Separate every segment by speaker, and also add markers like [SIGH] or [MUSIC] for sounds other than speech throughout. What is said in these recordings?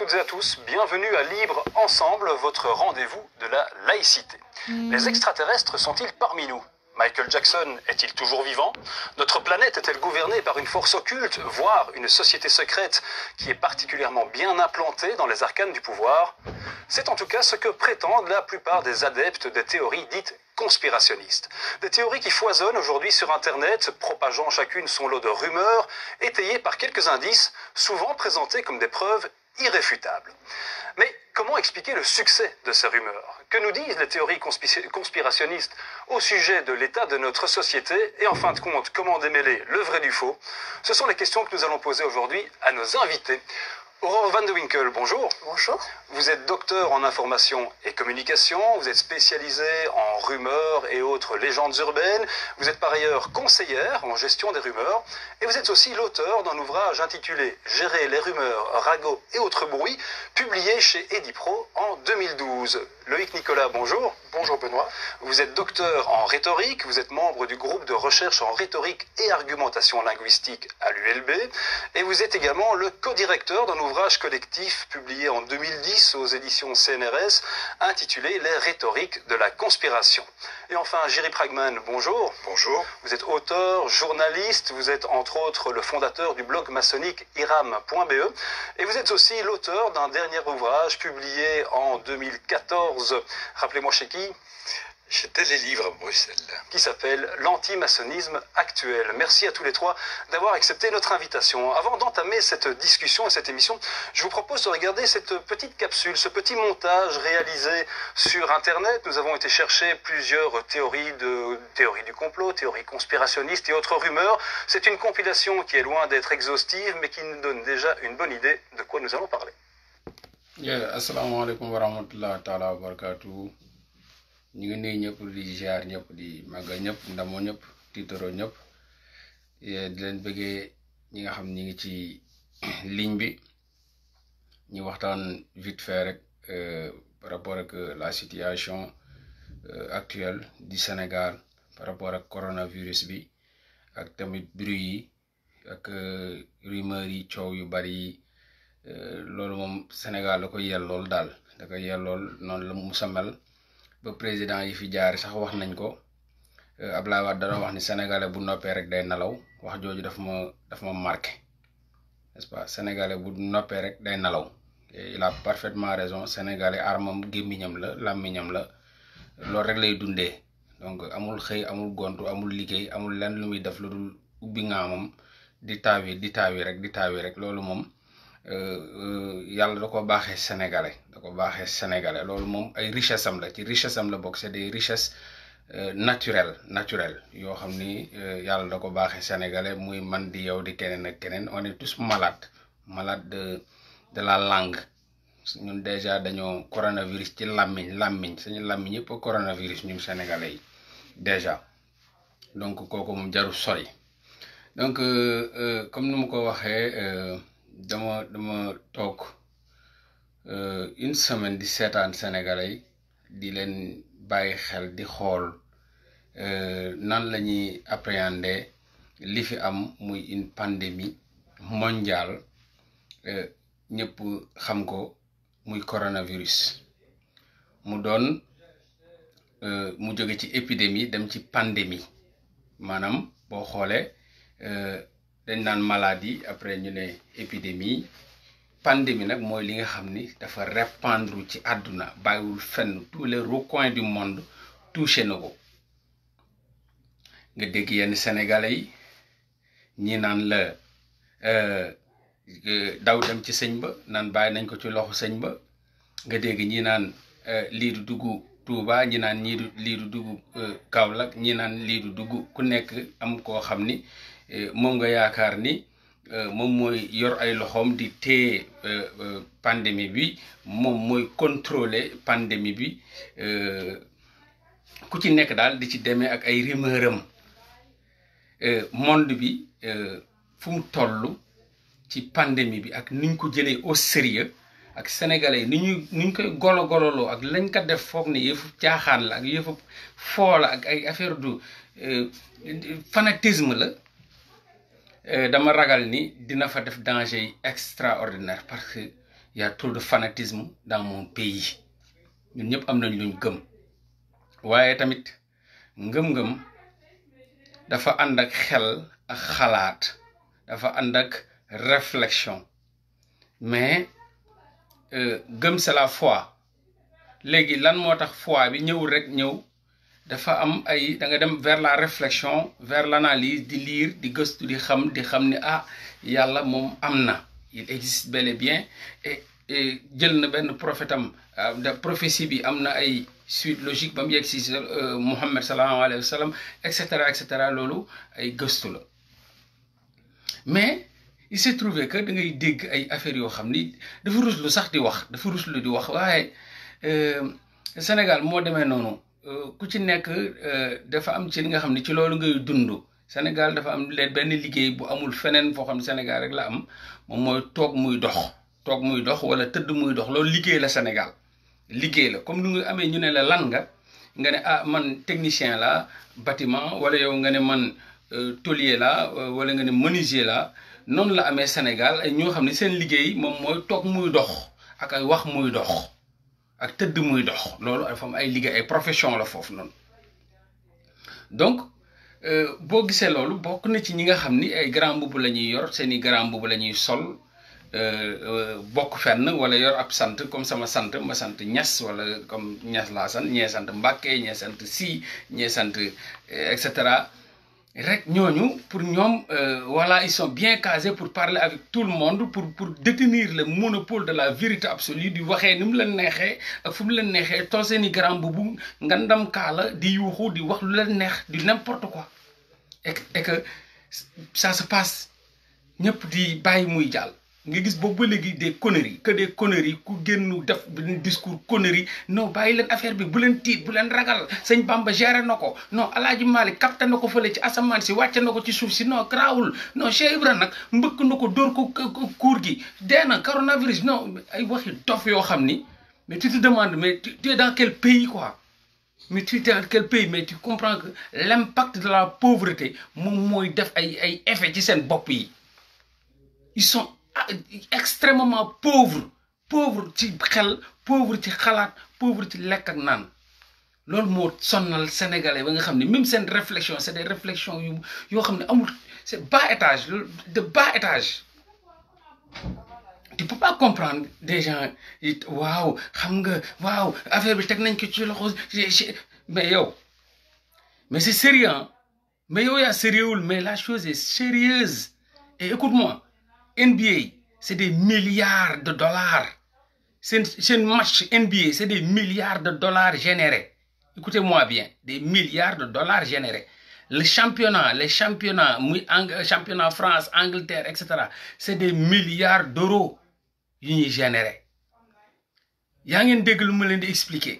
Speaker 1: toutes et à tous, bienvenue à Libre Ensemble, votre rendez-vous de la laïcité. Mmh. Les extraterrestres sont-ils parmi nous Michael Jackson est-il toujours vivant Notre planète est-elle gouvernée par une force occulte, voire une société secrète qui est particulièrement bien implantée dans les arcanes du pouvoir C'est en tout cas ce que prétendent la plupart des adeptes des théories dites conspirationnistes. Des théories qui foisonnent aujourd'hui sur Internet, propageant irréfutable. Mais comment expliquer le succès de ces rumeurs Que nous disent les théories conspirationnistes au sujet de l'état de notre société Et en fin de compte, comment démêler le vrai du faux Ce sont les questions que nous allons poser aujourd'hui à nos invités. Aurore Van de Winkel, bonjour. Bonjour. Vous êtes docteur en information et communication, vous êtes spécialisée en rumeurs et autres légendes urbaines, vous êtes par ailleurs conseillère en gestion des rumeurs, et vous êtes aussi l'auteur d'un ouvrage intitulé Gérer les rumeurs, ragots et autres bruits, publié chez Edipro en Loïc Nicolas, bonjour. Bonjour Vous êtes docteur en rhétorique, vous êtes membre du groupe de recherche en rhétorique et argumentation linguistique à l'ULB et vous êtes également le co d'un ouvrage collectif publié en aux éditions CNRS intitulé Les rhétoriques de la conspiration. Et enfin, Jerry Pragman, bonjour. Bonjour. Vous êtes auteur, journaliste, vous êtes entre autres le fondateur du blog maçonnique iram.be et vous êtes aussi l'auteur d'un dernier 2011. Rappelez-moi chez qui chez Télévivre à Bruxelles, qui s'appelle L'antimaçonnisme actuel. Merci à tous les trois d'avoir accepté notre invitation. Avant d'entamer cette discussion et cette émission, je vous propose de regarder cette petite capsule, ce petit montage réalisé sur Internet. Nous avons été chercher plusieurs théories, du complot, théories conspirationnistes et autres rumeurs. C'est une compilation qui est loin d'être exhaustive, mais qui nous donne déjà une bonne idée
Speaker 2: asalaamaaleykum wa rahmatulah taalaa wa barakaatu ñu ngi nuyu ñëpp di ziar ñëpp di màggal ñëpp ndamoo ñëpp tiitoro ñëpp eh, di leen bëggee ñi nga xam ñi ngi ci [CLEARS THROAT] ligne bi ñu waxtaan vite fait rek eh, par rapport ak eh, la situation actuelle di Sénégal par rapport ak coronavirus bi ak tamit bruit yi ak rumeur yi coow yu bari yi. Euh, loolu moom Sénégal da koy yellool daal da koy yellool noonu la mu samel ba président yi fi jaar sax wax nañ ko euh, Abdoulaye Wade dana wax ni sénégalais bu noppee rek day nelaw wax jooju daf ma daf ma marqué n'est-ce pas bu noppee rek day nelaw il a parfaitement raison sénégalais armam gémmiñam la làmmiñam la loolu rek lay dundee donc amul xëy amul gont amul liggéey amul lenn lu muy def lu dul ubbi ngaamam di taawi di taawi rek di taawi rek loolu moom Euh, euh, yàlla da ko baaxee sénégalais da ko baaxee sénégalais loolu moom ay richesse am la ci richesse am la bokk c'est des richesses euh, naturelles naturelles yoo xam ni yàlla da ko baaxee sénégalais muy man di yow di keneen ak keneen on est tous malades malades de de la langue ñun déjà dañoo coronavirus ci làmmiñ làmmiñ suñu làmmiñ yëpp coronavirus ñun sénégalais yi déjà donc kooku moom jarul sori donc comme ni mu ko waxee. dama dama toog euh, une semaine di seetaan sénégalais di leen bàyyi xel di xool euh, nan la ñuy appréhender li fi am muy une pandémie mondiale euh, ñëpp xam ko muy coronavirus mu doon mu jóge ci épidémie dem ci pandémie maanaam boo xoolee dañ naan maladie après ñu ne épidémie pandémie nag mooy li nga xam ni dafa répandre ci àdduna bàyyiwul fenn tous les recoins du monde touché na ko nga dégg yenn sénégalais yi ñi naan la euh, euh, daw dem ci sëñ ba nañ ko ci loxo sëñ nga dégg ñi naan euh, lii du dugg Touba ñi naan ñii du lii du dugg Kaolack ñi naan lii du dugg ku nekk am koo xam ni Eh, moom nga yaakaar ni eh, moom mooy yor ay loxoom di téye eh, pandémie bi moom mooy contrôler pandémie bi ku ci nekk daal di ci demee ak ay rumeur am monde bi fu mu toll ci pandémie bi ak niñ ko jëlee au sérieux ak sénégalais yi ni ñuy ni ñu koy golo gololoo ak lañ ko def foog ne yëfu caaxaan la ak yëfu foo ak ay affaire du fanatisme la Euh, dama ragal ni dina fa def danger yi extraordinaire parce que y trop de fanatisme dans mon pays ñun ñëpp am nañ luñ gëm waaye tamit ngëm-ngëm dafa ànd ak xel ak xalaat dafa ànd ak réflexion mais euh, gëm c'est la foi léegi lan moo tax foi bi ñëwul rek ñëw dafa am ay da nga dem vers la réflexion vers l'analyse di lire di gëstu di xam di xam ni ah yàlla moom am na il existe bel bien jël na benn prophète am ah, da prophétie bi am na ay suite logique ba mu yegg si euh, Muhammad sallallahu alayhi wa sallam et cetera et cetera loolu ay gëstu la mais il s'est trouvé que da ngay dégg ay affaires yoo xam ni dafa lu sax di wax dafa rus lu di wax waaye euh, Sénégal moo demee noonu Euh, ku ci nekk euh, dafa am ci li nga xam ne ci loolu ngay dund Sénégal dafa am leen benn liggéey bu amul feneen foo xam ne Sénégal rek la am moom mooy toog muy dox toog muy dox wala tëdd muy dox loolu liggéey la Sénégal liggéey la comme ni amee ñu ne la lan nga ne ah man technicien la bâtiment wala yow nga ne man euh, tôlier la wala nga ne menuisier la noonu la amee Sénégal ay ñoo xam ne seen liggéey moom mooy toog muy dox ak ay wax muy dox ak tëdd muy dox loolu ay fam ay liggéey ay profession la foofu noonu donc euh, boo gisee loolu bokk na ci ñi nga xam ni ay grand mbubb la ñuy yor seeni grand mbubb la ñuy sol euh, euh, bokk fenn wala yor ab sant comme sama sant ma sant ñas wala comme ñas laa san ñee sant mbàkke ñee sant si ñee sant et cetera rek ñooñu pour ñoom euh, voilà ils sont bien casé pour parler avec tout le monde pour pour détenir le monopole de la vérité absolue di waxee ni mu leen neexee ak fu mu leen neexee tol seen i grand bubu ngandam kaala di yuuxu di wax lu leen neex di n'importe quoi et que que ça se passe ñëpp di bàyyi muy jàll nga gis boobu ba léegi des conneries que des conneries ku génn def discours conneries non bàyyi leen affaire bi bu leen tiit bu leen ragal sëñ Bamba géré na ko non alaaji Maalik capté na ko fële ci asamaan si wàcce na ko ci suuf si non garaawul non Cheikh Ibra nag mbëkk na ko dóor ko kuur gi dee na coronavirus no ay waxi dof yoo xam ni mais tu te demandes mais tu es dans quel pays quoi mais tu es dans quel pays mais tu comprends que l'impact de la pauvreté moom mooy def ay ay effet ci seen bopp yi extrêmement pauvre pauvre ci xel pauvre ci xalaat pauvre ci lekk ak naan loolu moo sonnal sénégalais ba nga xam ne même seen réflexion c'est des réflexions yo yoo xam ne amul c'est bas étage loolu de bas étage tu peux pas comprendre des gens it waaw xam nga waaw affaire bi teg nañ ko ci loxo mais yow mais c'est sérieux mais yow yaa sérieuxul mais la chose est sérieuse et écoute NBA c' est des milliards de dollars seen seen match NBA c' est des milliards de dollars générés écoutez-moi bien des milliards de dollars générés le championnat les championnats muy euh, championnat France Angleterre et cetera c' est des milliards d' euros yi ñuy généré yaa ngeen dégg lu ma leen di expliquer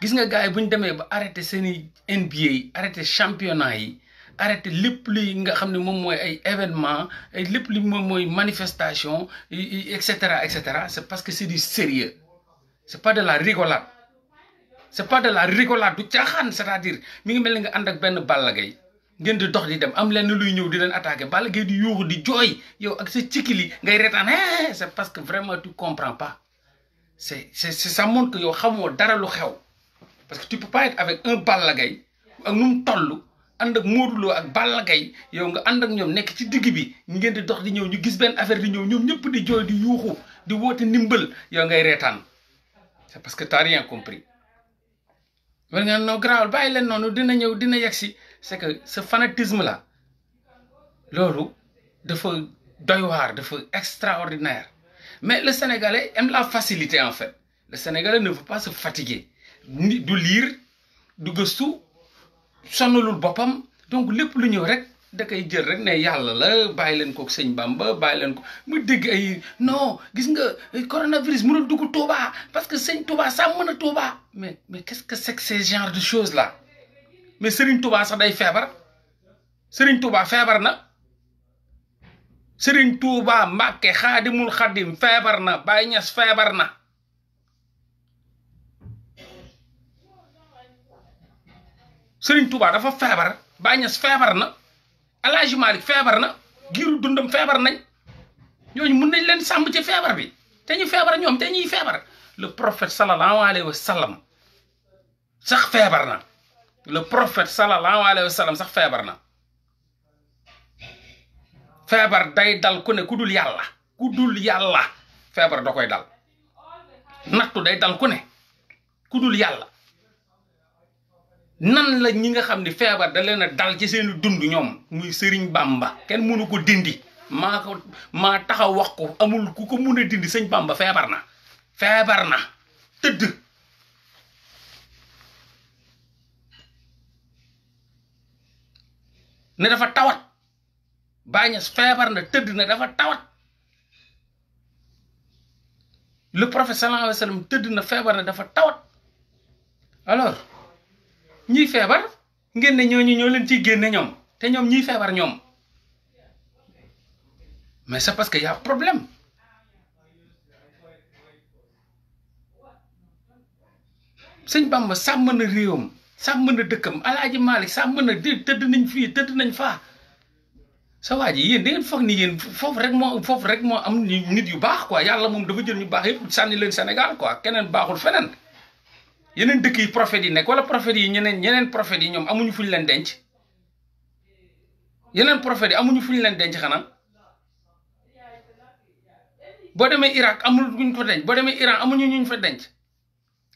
Speaker 2: gis nga gars yi bu ñu demee ba arrêté seeni NBA arrêté championnat yi. arrêté lépp li nga xam ne moom mooy ay événement lépp li moom mooy manifestation et cetera et cetera c'est parce que c'est du sérieux c'est pas de la rigolade c'est pas de la rigolade du caaxaan c'est-à-dire mi ngi mel ni nga ànd ak benn Balla Gaye ngeen di dox di dem am lenn luy ñëw di leen attaqué Balla Gaye di yuuxu di jooy yow ak sa cikili ngay retaan eh c'est parce que vraiment tu comprends pas c'est c'est ça montre que yow xamoo dara lu xew parce que tu peux pas ak toll. ànd ak Modou ak Balla Gaye yow nga ànd ak ñoom nekk ci digg bi ngeen di dox di ñëw ñu gis benn affaire di ñëw ñoom ñëpp di jooy di yuuxu di woote ndimbal yow ngay reetaan c'est parce que t'as rien compris. war nga noo garaawal bàyyi leen noonu dina ñëw dina yegg si c'est que ce fanatisme la loolu dafa doy dafa extraordinaire mais le Sénégalais aime la facilité en fait le Sénégalais ne veut pas se fatiguer du lire du gëstu. sonalul boppam donc lépp lu ñëw rek da koy jël rek ne yàlla la bàyyi leen ko sëñ Bamba bàyyi leen ko mu dégg ay non gis nga euh, coronavirus mënul dugg Touba parce que sëñ Touba sàmm na Touba mais mais qu'est-ce que c'est que ces genre de choses là mais Serigne Touba sax day feebar Serigne Touba feebar na Serigne Touba Mbàkke Xaadimul Xaadim feebar na Baye Ñas feebar na Serigne Touba dafa feebar Baye Niass feebar na El Hadj feebar na giiru dundam feebar nañ ñooñu mun nañ leen sàmm ci feebar bi te ñu feebar ñoom te ñuy feebar le prophète sallallahu alayhi wa sallam sax feebar na le prophète sallallahu alayhi wa sax feebar na feebar day dal ku ne ku dul yàlla ku dul yàlla feebar da koy dal nattu day dal ku ne ku dul yàlla nan la ñi nga xam ne feebar da leen a dal ci seen dund ñoom muy sëriñ Bamba kenn mënu ko dindi maa ko maa taxaw wax ko amul ku ko mun a dindi sëñ Bamba feebar na feebar na tëdd ne dafa tawat bàñes feebar na tëdd ne dafa tawat le prophète sallallahu alayhi wa tëdd na feebar na dafa tawat alors ñuy feebar ngeen ne ñooñu ñoo leen ciy génne ñoom te ñoom ñuy feebar ñoom mais c'est parce que y a problème sëñ Bamba sàmm na réewam sàmm na dëkkam alaaji Malick sàmm na di tëdd nañ fii tëdd nañ faa sa waa ji yéen da ngeen foog ni yéen foofu rek moo rek moo am nit yu baax quoi yàlla moom dafa jël ñu baax yëpp sànni leen Sénégal quoi keneen baaxul feneen yeneen dëkk yi profet yi nekk wala prophètes yi ñeneen yeneen prophètes yi ñoom amuñu fuñ leen denc yeneen profet yi amuñu ful leen denc xanaa boo demee Irak amul ñu fa denc boo demee Iran amuñu ñu fa denc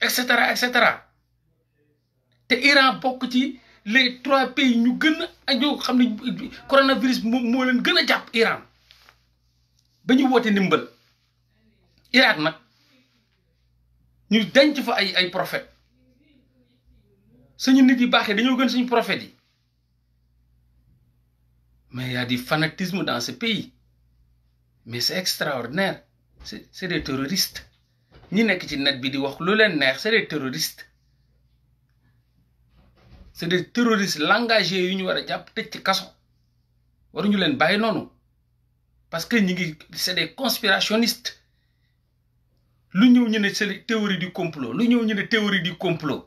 Speaker 2: et cetera et cetera te Iran bokk ci les trois pays ñu gën a ñoo xam ne coronavirus moo leen gën a jàpp Iran ba ñu woote nimbal Irak nag. ñu denc fa ay ay prophètes suñu nit yi baaxee dañoo gën suñu prophètes yi mais y a du fanatisme dans ce pays mais c'est extraordinaire c'est c'est des terroristes ñi nekk ci net bi di wax lu leen neex c'est des terroristes c'est des terroristes langage yu ñu war a jàpp tëj ci kaso waruñu leen bàyyi noonu parce que ñi ngi c'est des conspirationnistes lu ñëw ñu ne c'est théorie du complot lu ñëw ñu ne théorie du complot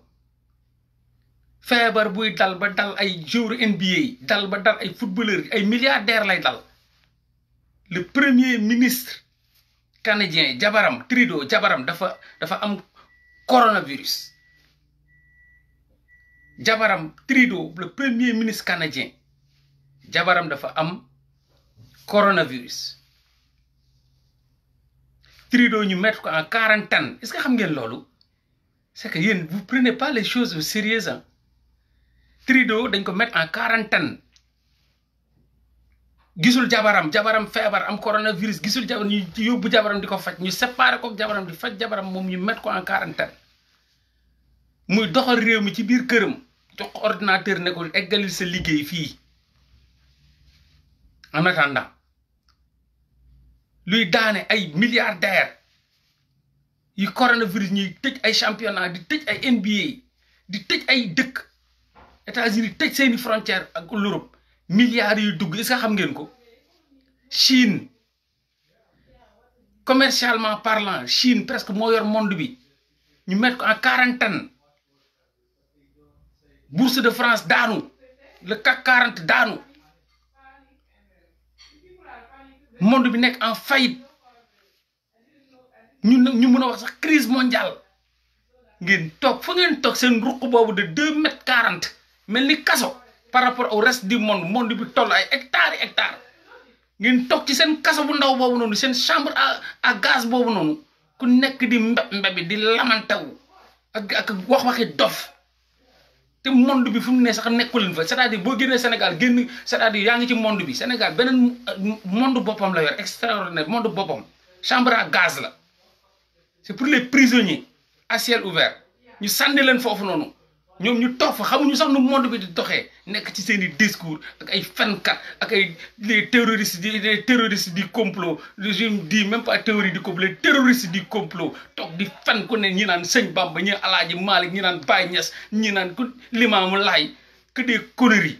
Speaker 2: feebar buy dal ba dal ay joueur NBA dal ba dal ay footballeur ay milliardaire lay dal le premier ministre canadien jabaram trido jabaram dafa dafa am coronavirus jabaram trido le premier ministre canadien jabaram dafa am coronavirus Trudeau ñu mettre ko en quarantaine est-ce que xam ngeen loolu c'est que yéen vous prenez pas les choses au sérieux ah dañ ko mettre en quarantan gisul jabaram jabaram feebar am coronavirus gisul jabaram ñu yóbbu jabaram di ko faj ñu séparé ko jabaram di faj jabaram moom ñu met ko en quarantaine muy doxal réew mi ci biir këram jox ordinateur ne ko eggalil liggéey fii en attendant luy daane ay milliardaire yi coronavirus ñuy tëj ay championnat di tëj ay NBA di tëj ay dëkk États-Unis tëj seeni frontière ak l'Europe milliards yuy dugg est xam ngeen ko Chine commercialement parlant Chine presque moo yor monde bi ñu mettre ko en quarantaine bourse de France daanu le CAC 40 daanu monde bi nekk en faillite ñu ñu mën a wax sax crise mondial ngeen toog fa ngeen toog seen ruq boobu de deux mètres quarante mel ni kaso par rapport au reste du monde monde bi toll ay hectares yi hectares ngeen toog ci seen kaso bu ndaw boobu noonu seen chambre à à gaz boobu noonu ku nekk di mbeb mbebi di lamantawu ak ak wax waxi dof te monde bi fu mu ne sax nekkuleen fa c'est-à-dire boo génnee Sénégal génn cest yaa ngi ci monde bi Sénégal beneen euh, monde boppam la yor extraordinaire mondo boppam chambre à gaz la c'est pour les prisonniers à ciel ouvert ñu sànni leen foofu noonu ñoom ñu toog fa xamuñu sax nu monde bi di doxee nekk ci seen i discours ak ay fenkat ak ay les terroristes di les terroristes du complot je ne dis même pas théorie du complot les terroristes du complot toog di fen ku ne ñi naan sëñ Bamba ñi Alaaji Maalik ñi naan Baay Ñas ñi naan ku Limaamu Laay que des conneries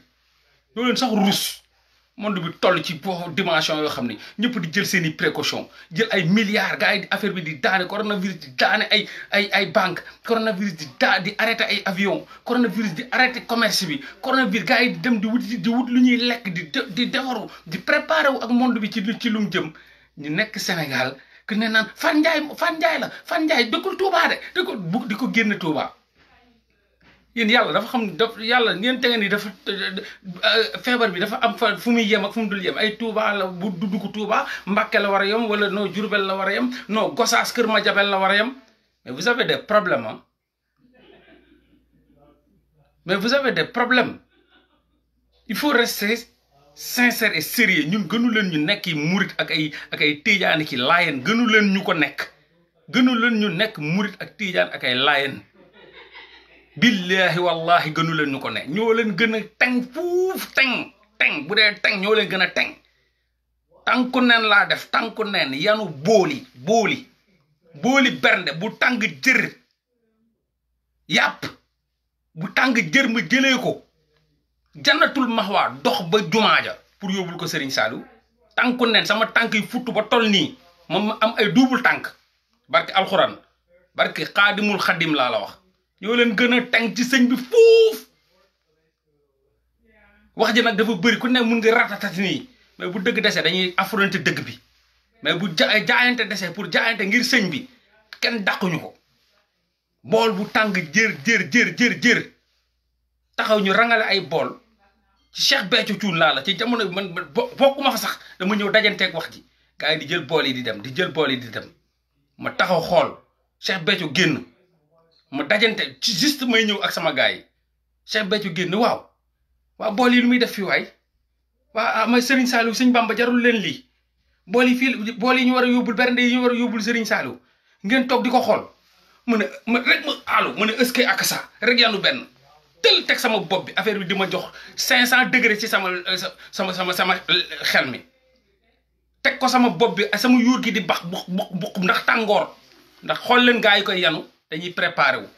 Speaker 2: doo leen sax rus monde bi toll ci boobu dimension yoo xam ne ñëpp di jël seen i précaution jël ay milliards gars yi affaire bi di daane coronavirus di daane ay ay ay banque coronavirus di daa di arrêté ay avion coronavirus di arrêté commerce bi coronavirus gars yi di dem di wut di lu ñuy lekk di di defaru di préparé wu ak monde bi ci ci lu mu jëm ñu nekk Sénégal ku ne naan Fane Ndiaye Fane Ndiaye la Fane Ndiaye dëkkul Touba de di ko di ko génne Touba yéen yàlla dafa xam dafa yàlla ngeen tege ni dafa feebar bi dafa am fa fu muy yem ak fu mu dul yem ay Touba la bu dugg ko Touba Mbàkke la war a yem wala non Jurbel la war a yem non Gosaas Kër Madiabel la war a yem mais vous avez des problèmes ah mais vous avez il faut rest sincère et sérieux ñun gënu leen ñu nekk yi murit ak ay ak ay tiijaan ki laayeen gënu leen ñu ko nekk gënu leen ñu nekk murit ak tiijaan ak ay laayeen billaahi wallaahi gënu leen ñu ko ne ñoo leen gën a teng fuuf teng teng bu dee teng ñoo leen gën a teng tànku neen laa def tànku neen yanu booli booli booli bernde bu tàng jër yàpp bu tàng jër ma jëlee ko jannatul maxwaa dox ba jumaa ja pour yóbbul ko Serigne Saliou tànku neen sama tànk yi futt ba tol nii moom ma am ay double tànk barke alxuraan barke xaadimul xadim laa la wax ñoo leen gën a tàng ci sëñ bi fuuf wax ji nag dafa bëri ku ne mun nga ratatati nii mais bu dëgg desee dañuy affronter dëgg bi mais bu ja jaayante dese pour jaayante ngir sëñ bi kenn dàquñu ko bool bu tàng jër jër jër jër taxaw ñu rangale ay bool ci Cheikh Béthio Thioune laa la ci jamono bi man bokkuma fa sax dama ñëw dajanteeg wax ji gars yi di jël bool yi di dem di jël bool yi di dem ma taxaw xool Cheikh Béthio génn mu dajante ci juste may ñëw ak sama gars yi Cheikh Béthio génn waaw waaw bool yi lu muy def fii waay waaw ah, ma Serigne Saliou sëñ Bamba jarul leen lii bool yi fii bool yi ñu war a yóbbul bernde yi ñu war a yóbbul Serigne Saliou ngeen toog di ko xool mu ne ma rek ma aalu mu ne ëskay ak sa rek yanu benn tel teg sama bopp bi affaire bi di ma jox cinq cent degré ci euh, sama sama sama sama euh, xel mi teg ko sama bopp bi sama yuur gi di bax buq buq buq ndax tàngoor ndax xool leen gaa yi koy yanu dañuy préparé wu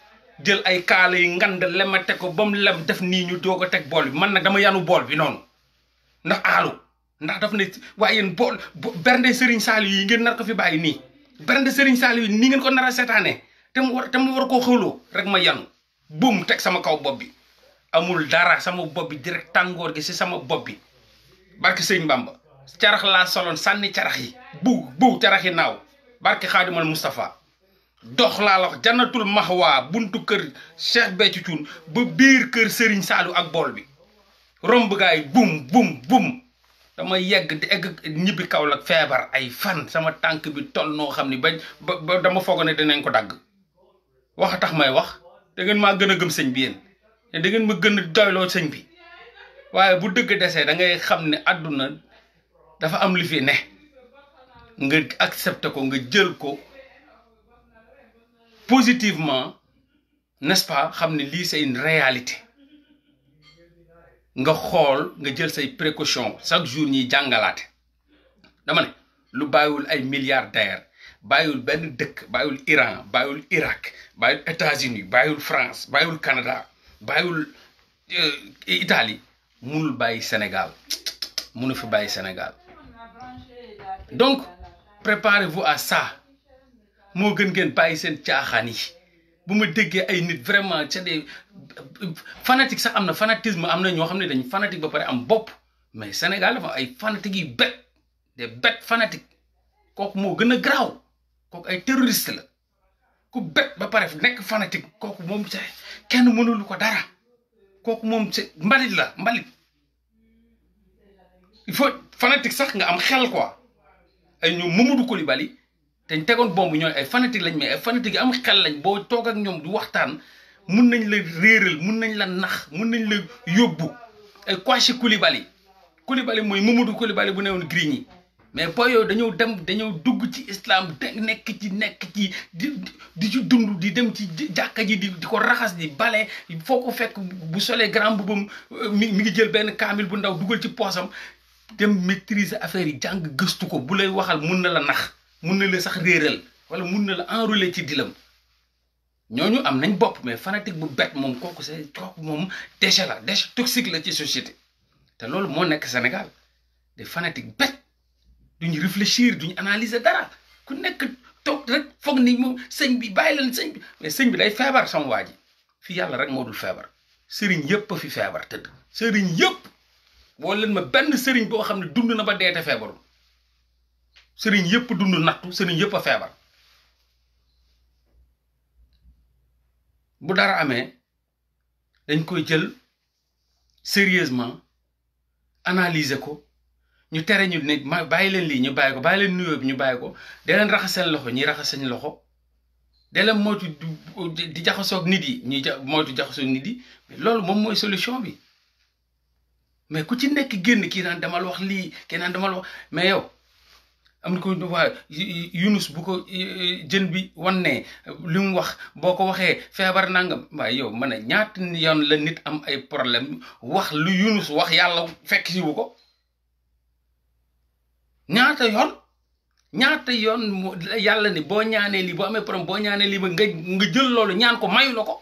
Speaker 2: jël ay kaala yu ngand teg ko ba mu lem def nii ñu doog a teg bool bi man nag dama yanu bool bi noonu ndax aalu ndax daf ne waaye yéen bool bernde Serigne Saliou yi ngeen nar ko fi bàyyi nii bernde Serigne Saliou yi nii ngeen ko nar a seetaanee te mu war te mu war koo xëloo rek ma yanu buum teg sama kaw bopp bi amul dara sama bopp bi direct tàngoor gi si sama bopp bi barke Sëñ Bamba carax laa soloon sànni carax yi bu bu carax yi naaw barke Xaadimal Moustapha dox laa la wax maxwaa buntu kër Cheikh Béthio Thioune ba biir kër sëriñ saalu ak bool bi romb gaay bum bum bum dama yegg di egg ñibbi Kaolack feebar ay fan sama tànk bi toll noo xam ni ba dama foog ne dinañ ko dagg wax tax may wax da ngeen maa gën a gëm sëñ bi yéen te da ma gën a doyloo sëñ bi waaye bu dëgg desee da ngay xam ne àdduna dafa am li fi ne nga accepté ko nga jël ko. positivement n'est-ce pas xam ne lii c'est une réalité nga xool nga jël say précaution chaque jour ñuy jàngalaate dama ne lu bàyyiwul ay milliardaires bàyyiwul benn dëkk bàyyiwul Iran bàyyiwul Irak bàyyiwul États-Unis bàyyiwul France bàyyiwul Canada bàyyiwul euh, Italie munul bàyyi Sénégal munu fi bàyyi Sénégal donc préparez-vous à ça moo gën ngeen bàyyi seen caaxaan yi bu ma déggee ay nit vraiment c'est des fanatiques sax am na fanatism am na ñoo xam ne dañ fanatique ba pare am bopp mais Sénégal dafa ay fanatiques yu bett des bett fanatiques kooku moo gën a garaaw kooku ay terroriste la ku bett ba pare nekk fanatique kooku moom sa kenn mënul ko dara kooku moom sa mbalit la mbalit il faut fanatique sax nga am xel quoi ay ñoom Mamadou Coulibaly te ñu tegoon bomb ñooy ay fanatique lañ mais ay fanatique yi am xel lañ boo toog ñoom du waxtaan mun nañ la réeral mun nañ la nax mun nañ la yóbbu ay Kouachi Koulibaly Koulibaly mooy Mamadou Koulibaly bu newoon Grigny mais booy yooyu dañoo dem dañoo dugg ci islam nekk ci nekk ci di di ci dund di dem ci jàkka ji di di ko raxas di bale foo ko fekk bu solee grand boubam euh, mi mi ngi jël benn kaamil bu ndaw dugal ci poosam dem maîtriser affaire yi jàng gëstu ko bu lay waxal mun na la nax mun na la sax réeral wala mun na la enrôler ci dilam ñooñu am nañ bopp mais fanatique bu bet moom kooku c'est kooku moom déchet la déchet toxique la ci société te loolu moo nekk Sénégal des fanatiques bett duñu réfléchir duñu analyser dara ku nekk toog rek foog ni moom sëñ bi bàyyi leen sëñ bi mais sëñ bi day feebar sama waa ji fii yàlla rek moo dul feebar sëriñ yëpp a fi feebar tëdd sëriñ yëpp woo leen ma benn sëriñ boo xam ne dund na ba dee te feebarul sëriñ yëpp dund nattu sëriñ yëpp a feebar bu dara amee dañ koy jël sérieusement analyser ko ñu tere ñu ne ma bàyyi leen lii ñu bàyyi ko bàyyi leen nuyoo bi ñu bàyyi ko dee leen raxas seen loxo ñi raxas seen loxo dee leen moytu di jaxasoog nit yi ñuy ja moytu jaxasoog nit yi loolu moom mooy solution bi mais ku ci nekk génn kii naan dama la wax lii kii naan dama la wax mais yow am na ko waa Yunus bu ko jën bi wanne li mu wax boo ko waxee feebar nanga waaye yow ma ne ñaata yoon la nit am ay problème wax lu Yunus wax yàlla fekk si ko ñaata yoon ñaata yoon yàlla ni boo ñaanee lii boo amee problème boo ñaanee lii ba nga nga jël loolu ñaan ko mayu la ko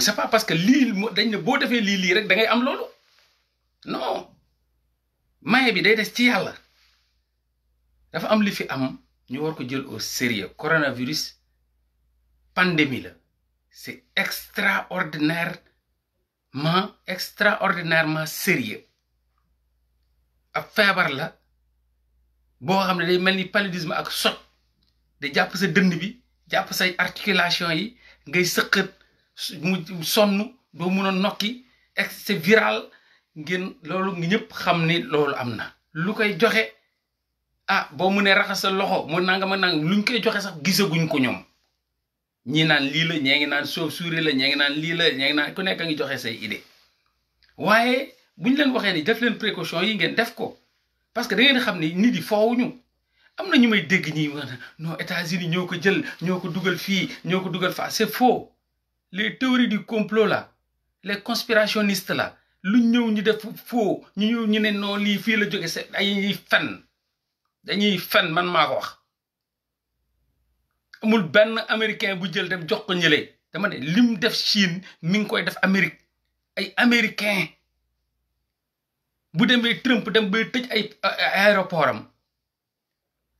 Speaker 2: c'est pas parce que lii dañ ne boo defee lii lii rek dangay am loolu maye bi day des ci yàlla dafa am li fi am ñu war ko jël au sérieux coronavirus pandémie la c'est extraordinairement extraordinairement sérieux ab feebar la boo xam ne day mel ni paludisme ak sot da jàpp sa dënd bi jàpp say articulation yi ngay sëqat mu sonn doo mun a nokki c'est viral ngeen loolu ñëpp xam ni loolu am na lu koy joxe ah boo mu ne raxasal loxo mu nanga ma nang luñ koy joxe sax gisaguñ ko ñoom ñi naan lii la ñee ngi naan chauve-souris la ñee ngi naan lii la ñee ngi naan ku nekk a ngi joxe say idée waaye buñ leen waxee ni def leen précaution yi ngeen def ko parce que da ngeen xam ni nit yi ñu am na ñu may dégg ñi noo États-Unis ñoo ko jël ñoo ko dugal fii ñoo ko dugal fa c'est faux les théories di complot la les conspirationnistes là lu ñëw ñu def foo ñu ñëw ñu ne noo lii fii la jóge se ay fen dañuy fen man maa wax amul benn américain bu jël dem jox ko ñële dama ne lim def Chine mi ngi koy def Amérique ay américain bu demee Trump dem bay tëj ay aéroport am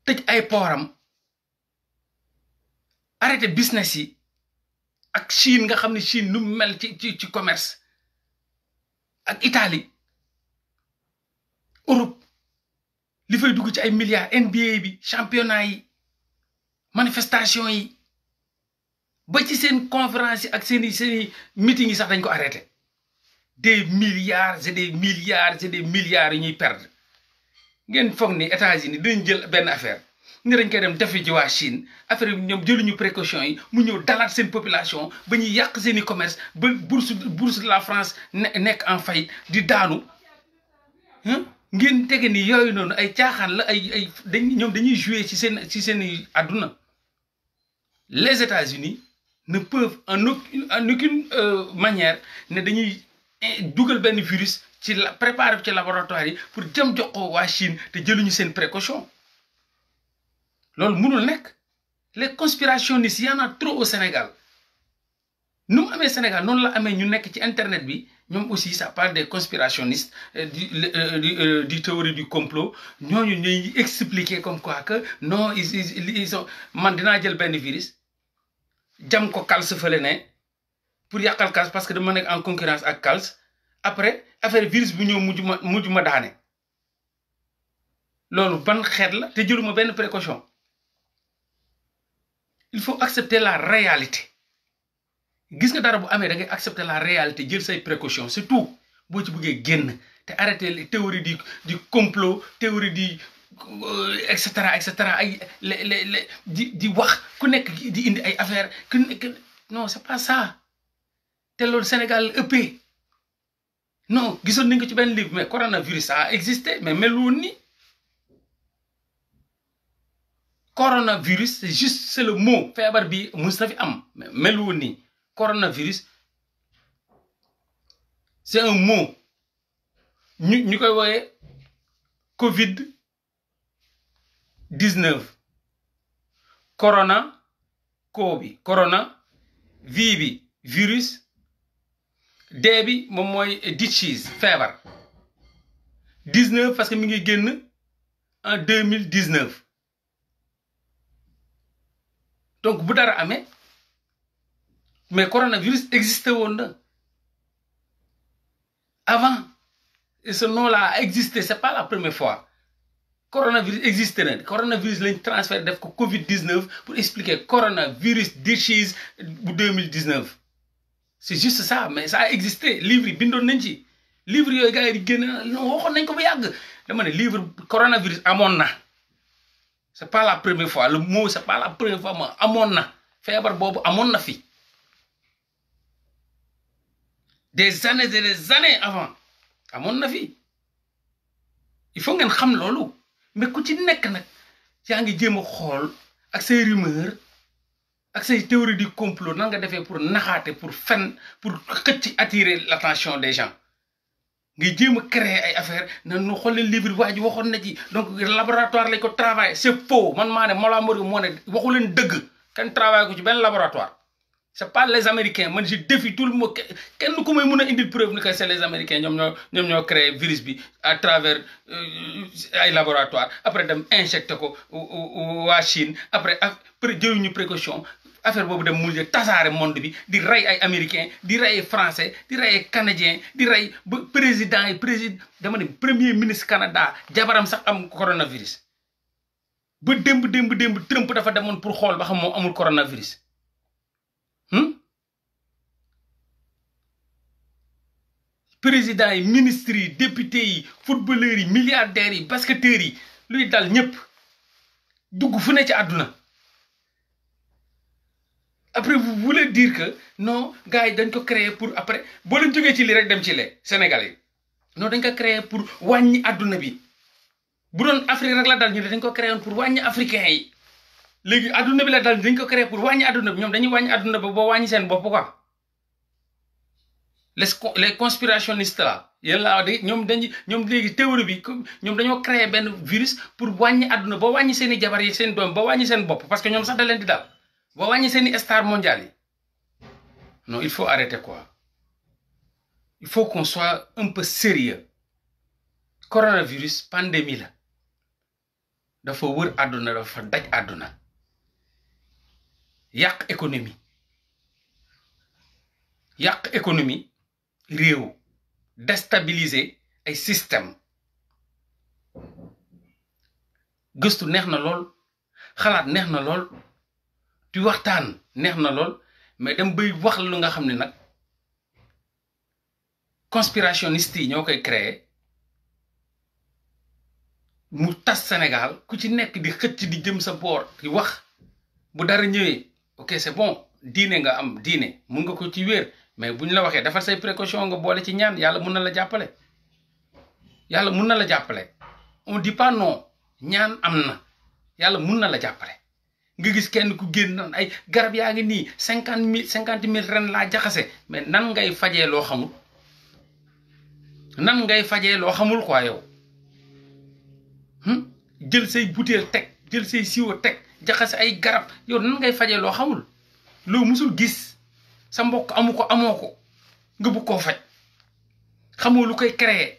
Speaker 2: tëj ay port am arrêté business yi ak Chine nga xam ne Chine nu mel ci ci ci commerce ak Italie Europe li fay dugg ci ay milliards NBA bi championnat yi manifestation yi ba ci seen conférence yi ak seen i seen meeting yi sax dañ ko arrêté des milliards et des milliards et des milliards yi ñuy perdre ngeen foog ni États-Unis dañ jël benn affaire ni dañ koy dem defi ji waa Chine affaire yi ñoom jëluñu précaution yi mu ñëw dalaat seen population ba ñuy yàq seen i commerce ba bourse bourse de la France nekk en fay di daanu ngeen tege ni yooyu noonu ay caaxaan la ay ay dañ ñoom dañuy jouer ci seen ci seen i àdduna les États-Unis ne peuvent en aucune en euh, manière ne dañuy eh, dugal benn virus ci la préparer ci laboratoire yi pour jëm jox ko Chine te jëluñu seen précaution loolu mënul nekk le conspirationnistes y en a trop au Sénégal nu amee Sénégal noonu la amee ñu nekk ci internet bi ñoom aussi ça parle des conspirationnistes euh, du euh, euh, du théorie du complot ñooñu ñuy expliquer comme quoi que non ils sont man dinaa jël benn virus jam ko calce fële ne pour yàqal calce parce que dama nekk en concurrence ak calce après affaire virus bu ñëw mujj ma mujj ma daane loolu ban xeet la te jëluma benn précaution il faut accepter la réalité gis nga dara bu amee da ngay accepter la réalité jël say précaution surtout tout boo ci bëggee génn te arrêter les théories du du complot théorie du euh, et cetera et cetera ay les di wax ku nekk di indi ay affaire ku nekk non c'est pas ça te loolu Sénégal ëppee non gisoon nañ ko ci benn livre mais coronavirus a existé mais mel woon ni coronavirus c'est juste c'est le mot feebar bi mus na am melu woon nii coronavirus c'est un mot ñu ñu koy wooyee covid 19 corona ko bi corona vi virus dee bi moom mooy disease feebar 19 parce que mi ngi génn en 2019 donc bu dara amee mais coronavirus existé woon na avant et ce nom-là a existé c'est pas la première fois coronavirus existé na coronavirus lañ transfert def ko Covid 19 pour expliquer coronavirus disease bu 2019 c'est juste ça mais ça a existé livre yi bindoon nañ ci livre yooyu gars yi di génne na waxoon nañ ko bu yàgg dama ne livre coronavirus amoon na. c'est pas la première fois le mot c'est pas la première fois ma amoon na feebar boobu amoon na fi des années et des années avant amoon na fi il faut ngeen xam loolu mais ku ci nekk nag yaa ngi jéem a xool ak say rumeur ak say théorie du complot nan nga defee pour naxaate pour fen pour xëcc attirer l'attention des gens nga jéem a créer ay affaire na nu xolle livre waa ji waxoon na ci donc laboratoire lañ ko travaillé c' est faux man maa ne Mollah Morgun moo ne waxu leen dëgg kenn travaillé ko ci benn laboratoire c' est pas les américains man je défie tout le monde kenn ku may mun a indil preuve ni que c' est les américains ñoom ñoo ñoom ñoo virus bi à travers euh, ay laboratoire après dem injecté ko waa Chine après après jëluñu précaution affaire boobu dem mujj tasaare monde bi di rey ay américain di rey ay français di rey ay canadien di rey ba président yi président dama ne premier ministre Canada jabaram sax am coronavirus ba démb démb démb Trump dafa demoon pour xool ba xam moom amul coronavirus hmm? président yi ministres yi députés yi footballeurs yi milliardaires yi basketteurs yi luy dal ñëpp dugg fu ne ci àdduna après vous voulez dire que non gars yi dañ ko créer pour après boo leen jógee ci lii rek dem ci lee Sénégal yi noo dañ ko créer pour wàññi àdduna bi bu doon Afrique rek la dal ñu ne dañ ko créer pour wàññi africain yi léegi àdduna bi la dal dañ ko créer pour wàññi àdduna bi ñoom dañuy wàññi àdduna bi boo wàññi seen bopp quoi les les conspirationnistes là yéen laa wax ñoom dañuy ñoom léegi théorie bi comme ñoom dañoo créer benn virus pour wàññi àdduna boo wàññi seen i jabar yi seen doom boo wàññi seen bopp parce ñoom sax da leen di daal ba wàññi seeni star mondial yi non il faut arrêter quoi il faut qu'on soit un peu sérieux coronavirus pandémie la dafa wër àdduna dafa daj àdduna yàq économie yàq économie réew déstabiliser ay système gëstu neex na lool xalaat neex na lool di waxtaan neex na lool mais dem bay wax lu nga xam ne nag conspirationniste yi ñoo koy créer mu tas senegal ku ci nekk di xëcc di jëm sa boor di wax bu dara ñëwee ok c'est bon diine nga am diine mun nga ko ci wéer mais bu ñu la waxee dafa say précaution nga boole ci ñaan yàlla mun na la jàppale yàlla mun na la jàppale on dit pas ñaan am na yàlla mun na la jàppale nga gis kenn ku génn naan ay garab yaa ngi nii cinquante mille cinquante mille ren laa jaxase mais nan ngay fajee loo xamul nan ngay fajee loo xamul ko yow hmm? jël say butéel teg jël say siwo teg jaxase ay garab yow nan ngay fajee loo xamul loo musul gis sa mbokk amu ko amoo ko nga bëgg koo faj xamoo lu koy créer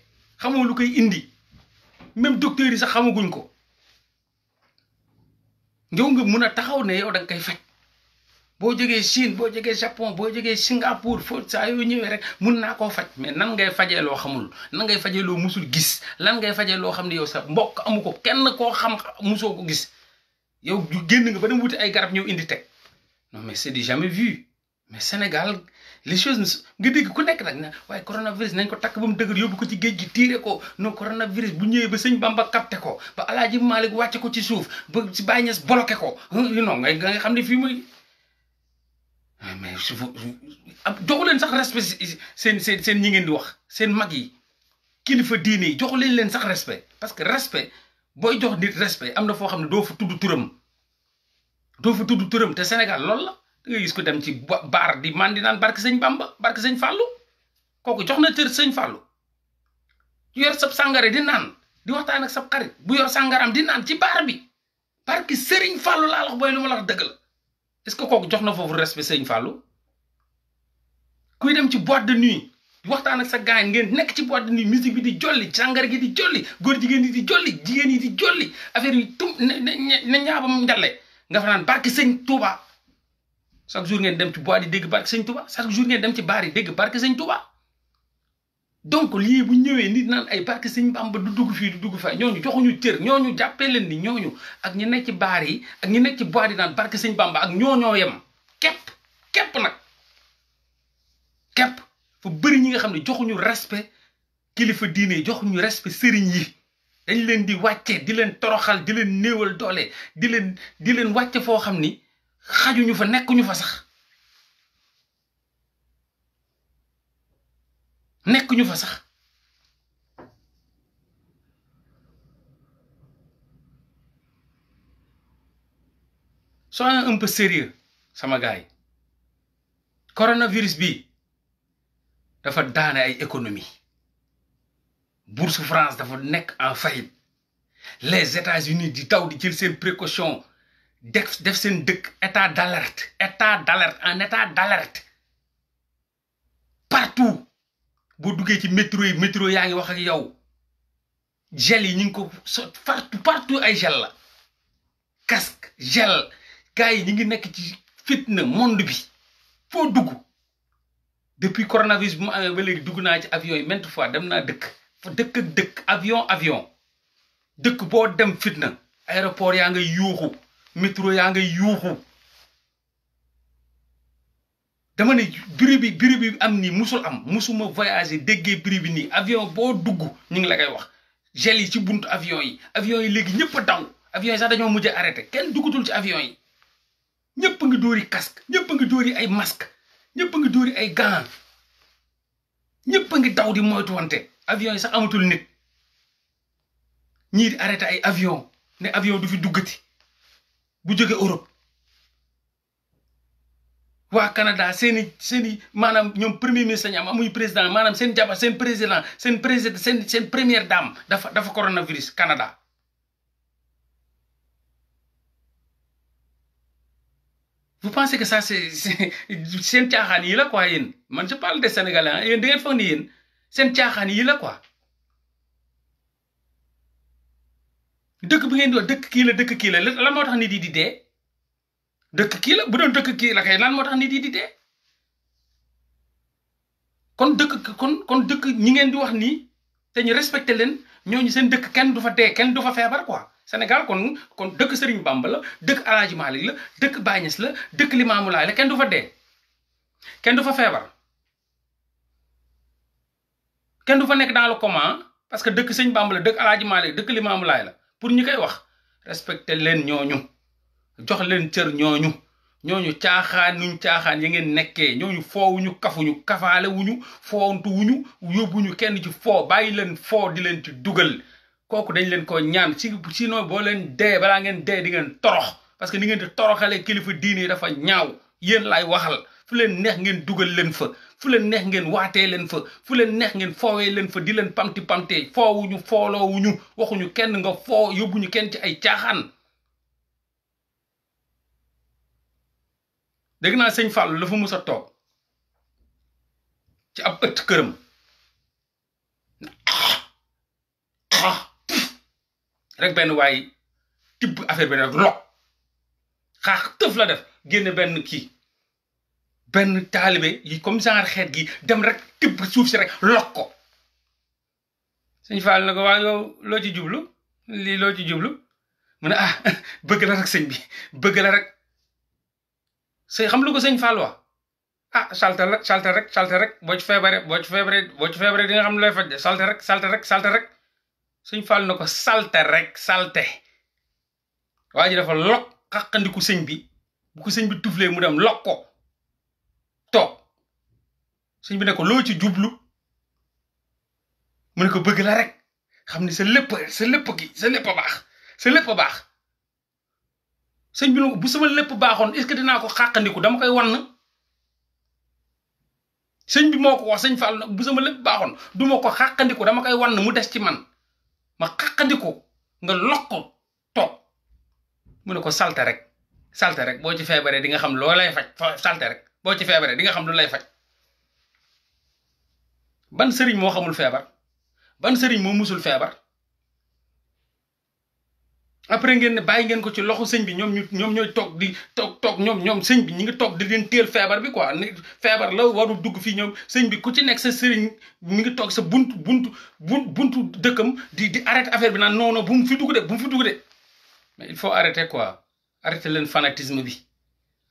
Speaker 2: xamoo lu koy indi même docteur yi sax xamaguñ ko ngëw ngi mun a taxaw ne yow da nga koy faj boo jógee Chine boo jógee Japon boo jógee Singapour foo saa yoo ñëwee rek mun naa koo faj mais nan fajee loo xamul nan ngay fajee loo musul gis lan ngay fajee loo xam ne yow sa mbokk amu ko kenn koo xam musoo ko gis yow génn nga ba dem wuti ay garab ñëw indi teg non mais c'est du jamais vu mais Sénégal les choses ne nga dégg ku nekk nag waaye coronavirus nañ ko takk ba mu dëgër yóbbu ko ci géej gi tiire ko non coronavirus bu ñëwee ba sëñ Bamba capté ko ba alaaji Malick wàcce ko ci suuf ba si Baye Niass bloqué ko non nga nga xam ne fii mooy ah, mais su leen sax respect seen seen seen ngeen di wax seen mag yi kilifa diine yi joxu leen leen sax respect parce que respect booy jox nit respect am na foo xam ne doo fu tudd turam doo tudd turam te Sénégal lool la. da gis ko dem ci baar di man di naan barke Bamba barke sëñ Fàllu kooku jox na tër sëñ Fàllu yor sab sangare di naan di waxtaan ak sab xarit bu yor sàngaraam di naan ci baar bi sëriñ Fàllu laa wax booy lu mo la wax dëgg la est-ce kooku jox na foofu respect sëñ Fàllu kuy dem ci boîte de nuit waxtaan na sa gaañ ngeen nekk ci boîte de nuit musique bi di jolli sàngara gi di jolli góor jigéen yi di jolli jigéen yi di jolli affaire yi tum na ñaabam njalle nga fa naan barke sëñ Touba chaque jour ngeen dem ci boîte yi dégg barke sëñ Touba chaque jour ngeen dem ci baar yi dégg barke sëñ Touba donc lii bu ñëwee nit naan ay barke sëñ Bamba du dugg fii du dugg fay ñooñu joxuñu cër ñooñu jàppee leen ni ñooñu ak ñu nekk ci baar yi ak ñu nekk ci boîte yi naan barke sëñ Bamba ak ñooñoo yem képp képp nag kepp fu bëri ñi nga xam ne joxuñu respect kilifa diine joxuñu respect sëriñ yi dañ leen di wàcce di leen toroxal di leen néewal doole di leen di leen wàcce foo xam ni xajuñu fa nekkuñu fa sax nekkuñu fa sax soyons un peu sérieux sama gars coronavirus bi dafa daane ay économie bourse France dafa nekk en faillite les États-Unis di taw di jël seen précaution def def seen dëkk état d' alerte état d' en état d' partout boo duggee ci métro yi métro yaa ngi wax ak yow gel yi ñu ngi ko sot partout partout ay gel la casque gel gars yi ñu ngi nekk ci fitna monde bi foo dugg depuis coronavirus bu mu amee ba léegi dugg naa ci avion yi maintes fois dem naa dëkk fa dëkk ak dëkk avion avion dëkk boo dem fitna aéroport yaa ngay yuuxu métro yaa ngay yuuxu dama ne bruit bi bruit bi am nii musul am musuma voyager déggee bruit bi nii avion boo dugg ñu ngi la koy wax gel yi ci bunt avion yi avion yi léegi ñëpp a daw avion yi sax dañoo mujj arrêté kenn duggatul ci avion yi ñëpp a ngi dóori casque ñëpp a ngi dóori ay masque ñëpp a ngi dóori ay gants ñëpp ngi daw di moytuwante avion yi sax amatul nit ñii di arrêté ay avion ne avion du fi duggati bu jóge Europe waa Canada seeni seeni maanaam ñoom premier ministre lañu am amuñu président maanaam seen jabar seen président seen président seen seen première dame dafa dafa coronavirus Canada vous pensez que sa c'est seen caaxaan yi la quoi yéen man je parle des Sénégalais ah yéen da ni yéen seen caaxaan yi la quoi dëkk bi ngeen di wax dëkk kii la dëkk kii la lan moo tax ni yi di dee dëkk kii la bu doon dëkk kii la kay lan moo tax ni yi di dee kon dëkk kon kon dëkk ñi ngeen di wax nii te ñu respecté leen ñoo ñu seen dëkk kenn du fa dee kenn du fa feebar quoi Sénégal kon kon dëkk Serigne Bamba la dëkk Alaaji Maalik la dëkk Baay la dëkk Limaamu kenn du fa dee kenn du fa feebar kenn fa nekk dans le coma parce que dëkk Sëñ Bamba la dëkk Alaaji Maalik dëkk Limaamu Laay la pour ñu koy wax respecté leen ñooñu jox leen cër ñooñu ñooñu caaxaan nuñ caaxaan ya ngeen nekkee ñooñu foowuñu kafuñu kafaale wuñu foontu wuñu ñu kenn ci foo bàyyi leen foo di leen ci dugal kooku dañ leen ko ñaan si sinon boo leen dee balaa ngeen dee di ngeen torox parce que ni ngeen di toroxalee kilifa diine yi dafa ñaaw yéen laay waxal fu leen neex ngeen dugal leen fa fu leen neex ngeen waatee leen fa fu leen neex ngeen foowee leen fa di leen pamti pamtee foowuñu fooloowuñu waxuñu kenn nga foo ñu kenn ci ay caaxaan dégg naa sëñ Fallou dafa mus a toog ci ab ëtt këram ah, rek benn waay tibb affaire beneen rek lok xaax tëf la def génne benn kii benn taalibe yi comme genre xeet gi dem rek tibb suuf si rek lok ko sëñ Fall na ko waa loo ci jublu lii loo ci jublu mu ne ah [LAUGHS] bëgg la rek sëñ bi bëgg la rek sëñ xam lu ko sëñ Fall wax ah salte rek salte rek salte rek boo ci feebare boo ci feebare boo ci feebare di nga xam ne looy faj de salte rek salte rek salte rek sëñ fal na ko salte rek salte waa ji dafa lok xaqandiku sëñ bi bu sëñ bi tuflee mu dem lok ko toog sëñ bi ne ko loo ci jublu mun ne ko bëgg la rek xam ni sa lépp sa lépp gi sa lépp baax sa lépp a baax sëñ bi bu sama lépp baaxoon est-ce dinaa ko xàqandiku dama koy wann sëñ bi moo ko wax sëñ Fall bu sama lépp baaxoon du ma ko xàqandiku dama koy wann mu des ci man ma xàqandiku nga loq toog mu ne ko salte rek salte rek boo ci feebaree di nga xam loo lay faj salte rek boo ci feebaree di nga xam lu lay faj ban sëriñ moo xamul feebar ban sëriñ moo musul feebar après ngeen ne bàyyi ngeen ko ci loxo sëñ bi ñoom ñoom ñooy toog di toog toog ñoom ñoom sëñ bi ñu ngi toog di leen téel feebar bi ko ni feebar la warul dugg fii ñoom sëñ bi ku ci nekk sa sëriñ mi ngi toog sa bunt buntu bunt buntu dëkkam di di arrêté affaire bi naan non bu mu fi dugg de bu mu fi dugg de mais il faut arrêter quoi arrêter leen fanatisme bi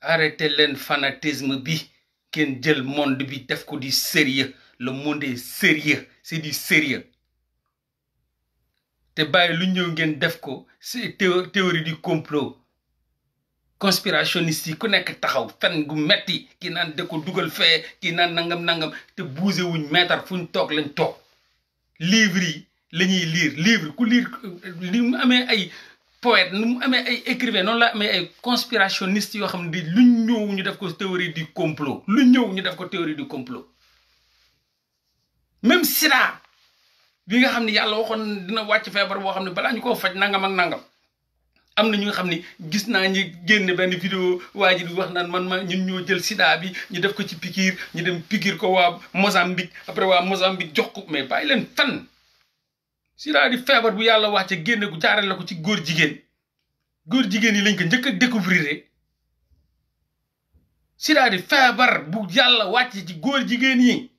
Speaker 2: arrêté leen fanatisme bi kenn jël monde bi def ko di sérieux le monde est sérieux c'est du te bàyyi lu ñëw ngeen def ko c'est théorie du complot conspirationniste yi ku nekk taxaw fen gu metti ki naan da ko dugal fee ki naan nangam nangam te bougé wuñ meetar fu ñu toog lañ toog livre yi la ñuy lire ku lire li mu amee ay poète nu mu amee ay écrivain noonu la amee ay conspirationniste yoo xam ne di lu ñëw ñu def ko théorie du complot lu ñëw ñu def ko théorie du complot même sida bi nga xam ne yàlla waxoon dina wàcc feebar boo xam ne balaa ñu koo faj nangam ak nangam am na ñu nga xam ne gis naa ñi génn benn vidéo waa ji di wax naan man ma ñu ñoo jël sidaa bi ñu def ko ci pikiir ñu dem pikiir ko waa Mozambique après waa Mozambique jox ko mais bàyyi leen fan sida di feebar bu yàlla wàcce génne ku jaaree la ko ci góor jigéen góor jigéen yi lañ ko njëkk a découvrir sida di feebar bu yàlla wàcce ci góor jigéen yi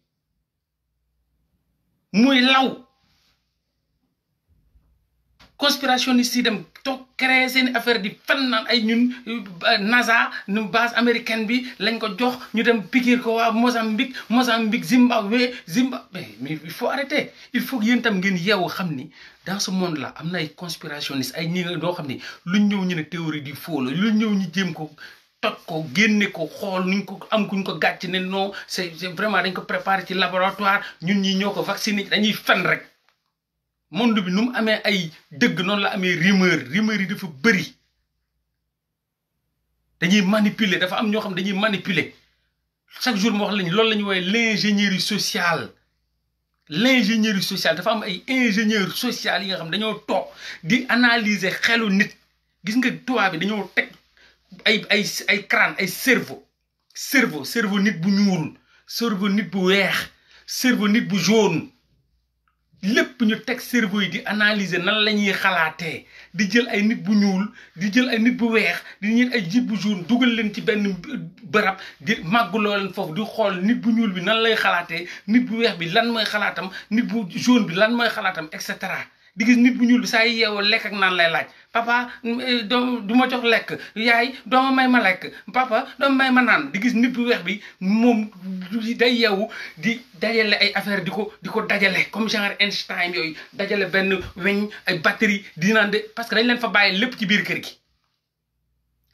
Speaker 2: muy law conspirationniste yi dem toog créer seen affaire di fan naan ay ñun NASA nu base américaine bi lañ ko jox ñu dem pikiir ko waa Mozambique Mozambique Zimbabwe Zimbabwe mais il faut arrêter il faut que tam ngeen yeewu xam ni dans ce monde là am na ay conspirationniste ay ñi nga doo xam ni luñ ñëw ñu ne théorie du faux la luñ ñëw ñu jéem ko toj ko génne ko xool nuñ ko am kuñ ko gàcc ne non c'est vraiment dañ ko préparer ci laboratoire ñun ñi ñoo ko vacciné dañuy fen rek moom monde bi nu mu amee ay dëgg noonu la amee rumeur rumeur yi dafa bëri dañuy manipuler dafa am ñoo xam dañuy manipuler chaque jour moo wax lañ loolu la ñu woowe l'ingénierie sociale l'ingénierie sociale dafa am ay ingénieur social yi nga xam dañoo to di analyser xelu nit gis nga tubaab bi dañoo teg ay ay ay crâne ay servo cerveau cerveau nit bu ñuul cerveau nit bu weex cerveau nit bu jaune lépp ñu teg cerveau di analyser nan la ñuy xalaatee di jël ay nit bu ñuul di jël ay nit bu weex di ñeen ay jiit bu jaune dugal leen ci benn barab di màgguloo leen foofu di xool nit bu ñuul bi nan lay xalaatee nit bu weex bi lan mooy xalaatam nit bu jaune bi lan mooy xalaatam et cetera di gis nit bu ñuul bi saa yi yeewoo lekk ak naan lay laaj papa eh, doo du ma jox lekk yaay doo may ma lekk papa doo may ma naan di gis nit bu weex bi moom day yeewu di dajale ay affaire di ko di ko dajale comme genre Einstein yooyu dajale benn weñ ay batterie di naan de parce que dañ leen fa bàyyi lépp ci biir kër gi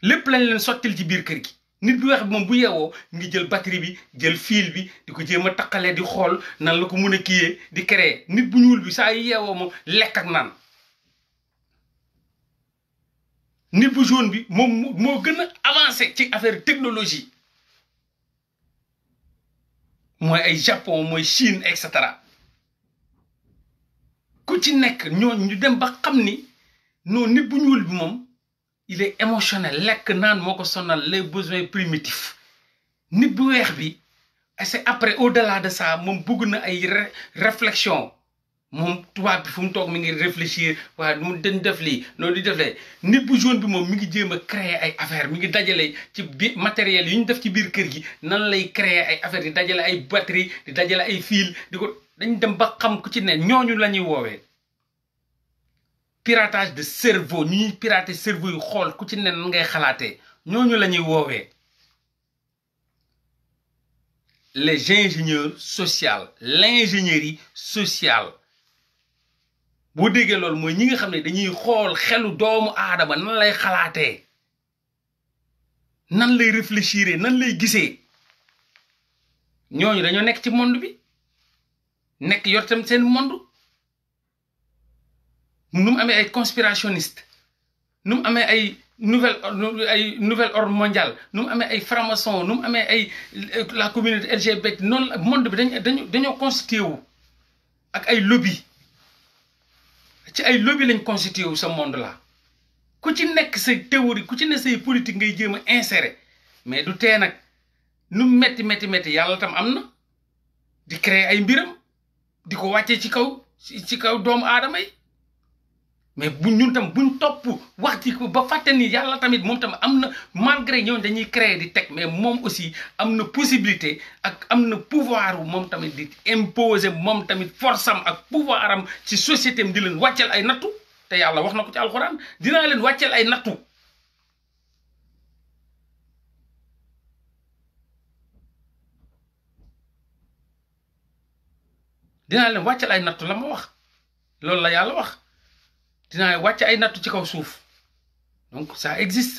Speaker 2: lépp lañ leen sottil ci biir kër gi nit bu weex bi moom bu yewoo ngi jël batterie bi jël fil bi di ko jéem a taqalee di xool nan la ko mun a kiyee di créer nit bu ñuul bi saa yu yeewoo moom lekk naan nit bu jaune bi moom moo gën a avancé ci affaire technologie mooy ay Japon mooy Chine et cetera ku ci nekk ñoo ñu dem ba xam ni noo nit bu ñuul bi moom il est émotionnel lekk naan moo ko sonal les besoins primitifs nit bu weex bi c'est après au delà de ça moom bugg na ay réflexion moom tubaab bi fu mu toog mi ngi réfléchir waaw mu dañ def lii noonu di def lee nit bu jaune bi moom mi ngi jéem a créer ay affaire mi ngi dajalee ci bi matériel yu ñu def ci biir kër gi nan lay créer ay affaire di dajalee ay batterie di dajale ay fil di ko dañ dem ba xam ku ci ne ñooñu la ñuy woowee piratage de cerveau ñu ñuy pirater cerveau yu xool ku ci nen ngay xalaate ñooñu la ñuy woowee les ingénieurs sociaux l'ingénierie sociale boo déggee loolu mooy ñi nga xam ne dañuy xool xelu doomu aadama nan lay xalaatee nan lay réfléchir nan lay gisee ñooñu dañoo nekk ci monde bi nekk yor tam seen monde nu mu amee ay conspirationniste nu mu amee ay nouvelle ay nouvel ordre mondial nu mu amee ay franc nu mu amee ay la communauté LGBT noonu monde bi dañ dañu dañoo constitué wu ak ay lobby ci ay lobby lañ constitué wu sa monde la ku ci nekk say théorie ku ci nekk say politique ngay jéem a insérer mais du tee nag nu metti metti metti yàlla tam am na di créer ay mbiram di ko wàccee ci kaw ci kaw doomu aadama yi mais bu ñun tam buñ topp wax ci ko ba fàtte ni yàlla tamit moom tamit am na malgré ñoom dañuy créer di teg mais moom aussi am na possibilité ak am na pouvoir moom tamit di imposer moom tamit force am ak pouvoir am ci société di leen wàcceel ay nattu te yàlla wax na ko ci alxuraan dinaa leen wàcceel ay nattu dinaa leen wàcceel ay nattu la ma wax loolu la yàlla wax dinaa wàcc ay nattu ci kaw suuf donc sa exist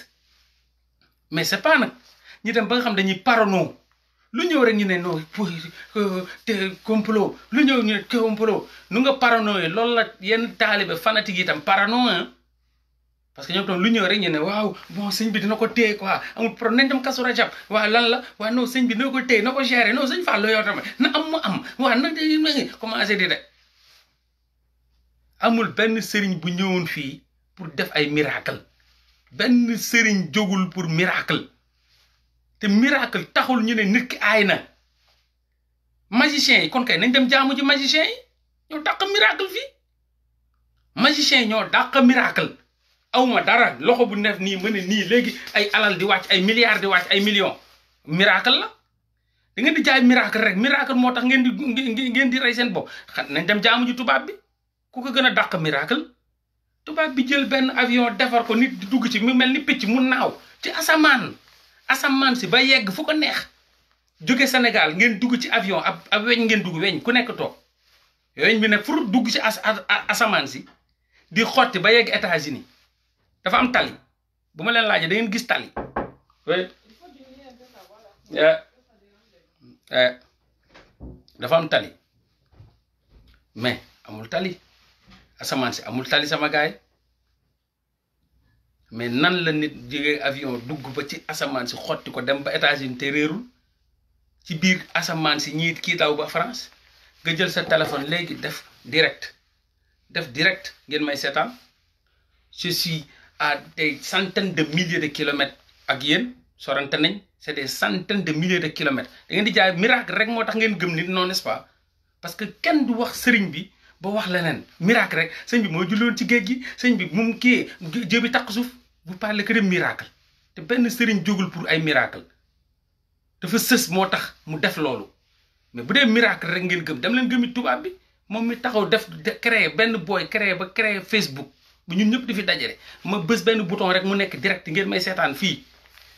Speaker 2: mais c'est pas nag ñi dem ba nga xam dañuy parano lu ñëw rek ñu ne non euh, te complot lu ñëw ñu ne complot nu nga parano yi loolu la yenn ba fanatique yi tam parano parce que ñoom tam lu ñëw rek ñu ne waaw bon sëñ bi dina ko téye quoi amul problème nañ dem kasu rajab waaw lan la waaw non sëñ bi dina ko téye na ko gérer non sëñ Fall yow tamit na am mu am waaw na commencé di de amul benn sëriñ bu ñëwoon fii pour def ay miracle benn sëriñ jogul pour miracle te miracle taxul ñu ne nitki ki aay na magicien yi kon kay nañ dem jaamu ji magicien yi ñoo dàq miracle fii magicien yi ñoo dàq miracle awma dara loxo bu neef nii ma ne nii léegi ay alal di wàcc ay milliards di wàcc ay million miracle la da ngeen di jaay miracle rek miracle moo tax ngeen di ngeen di rey seen bopp nañ dem jaamu ji tubaab bi ku ko gën a dàq miracle tubaab bi jël benn avion defar ko nit dugg ci mu mel ni picc mu naaw ci asamaan asamaan si ba yegg fu ko neex jóge Sénégal ngeen dugg ci avion ab ab weñ ngeen dugg weñ ku nekk toog weñ bi ne fur dugg ci asamaan si di xotti ba yegg États-Unis dafa am tali bu ma leen laajee da gis tali eh. Eh. dafa am tali mais amul tali asamaan si amul tali sama gaay mais nan la nit jege avion dugg ba ci asamaan si xotti ko dem ba États-Unis te réerul ci biir asamaan si ñiit kii daw ba France nga jël sa téléphone léegi def direct def direct ngeen may seetaan je si à des centaines de milliers de kilomètres ak yéen sorante nañ c'est des centaines de milliers de kilomètres da ngeen di jaay miracle rek moo tax ngeen gëm nit non n'est-ce parce que kenn du wax sëriñ bi boo wax leneen miracle rek sëñ bi moo julloon ci géej gi sëñ bi moom kii jébi taq suuf bu parlez que de miracle te benn sëriñ jógul pour ay miracle dafa sës moo tax mu def loolu mais bu dee miracle rek ngeen gëm dem leen gëmi tubaab bi moom mi taxaw def créer benn booy créer ba créer Facebook bu ñun ñëpp di fi dajale ma bës benn bouton rek mu nekk direct ngeen may seetaan fii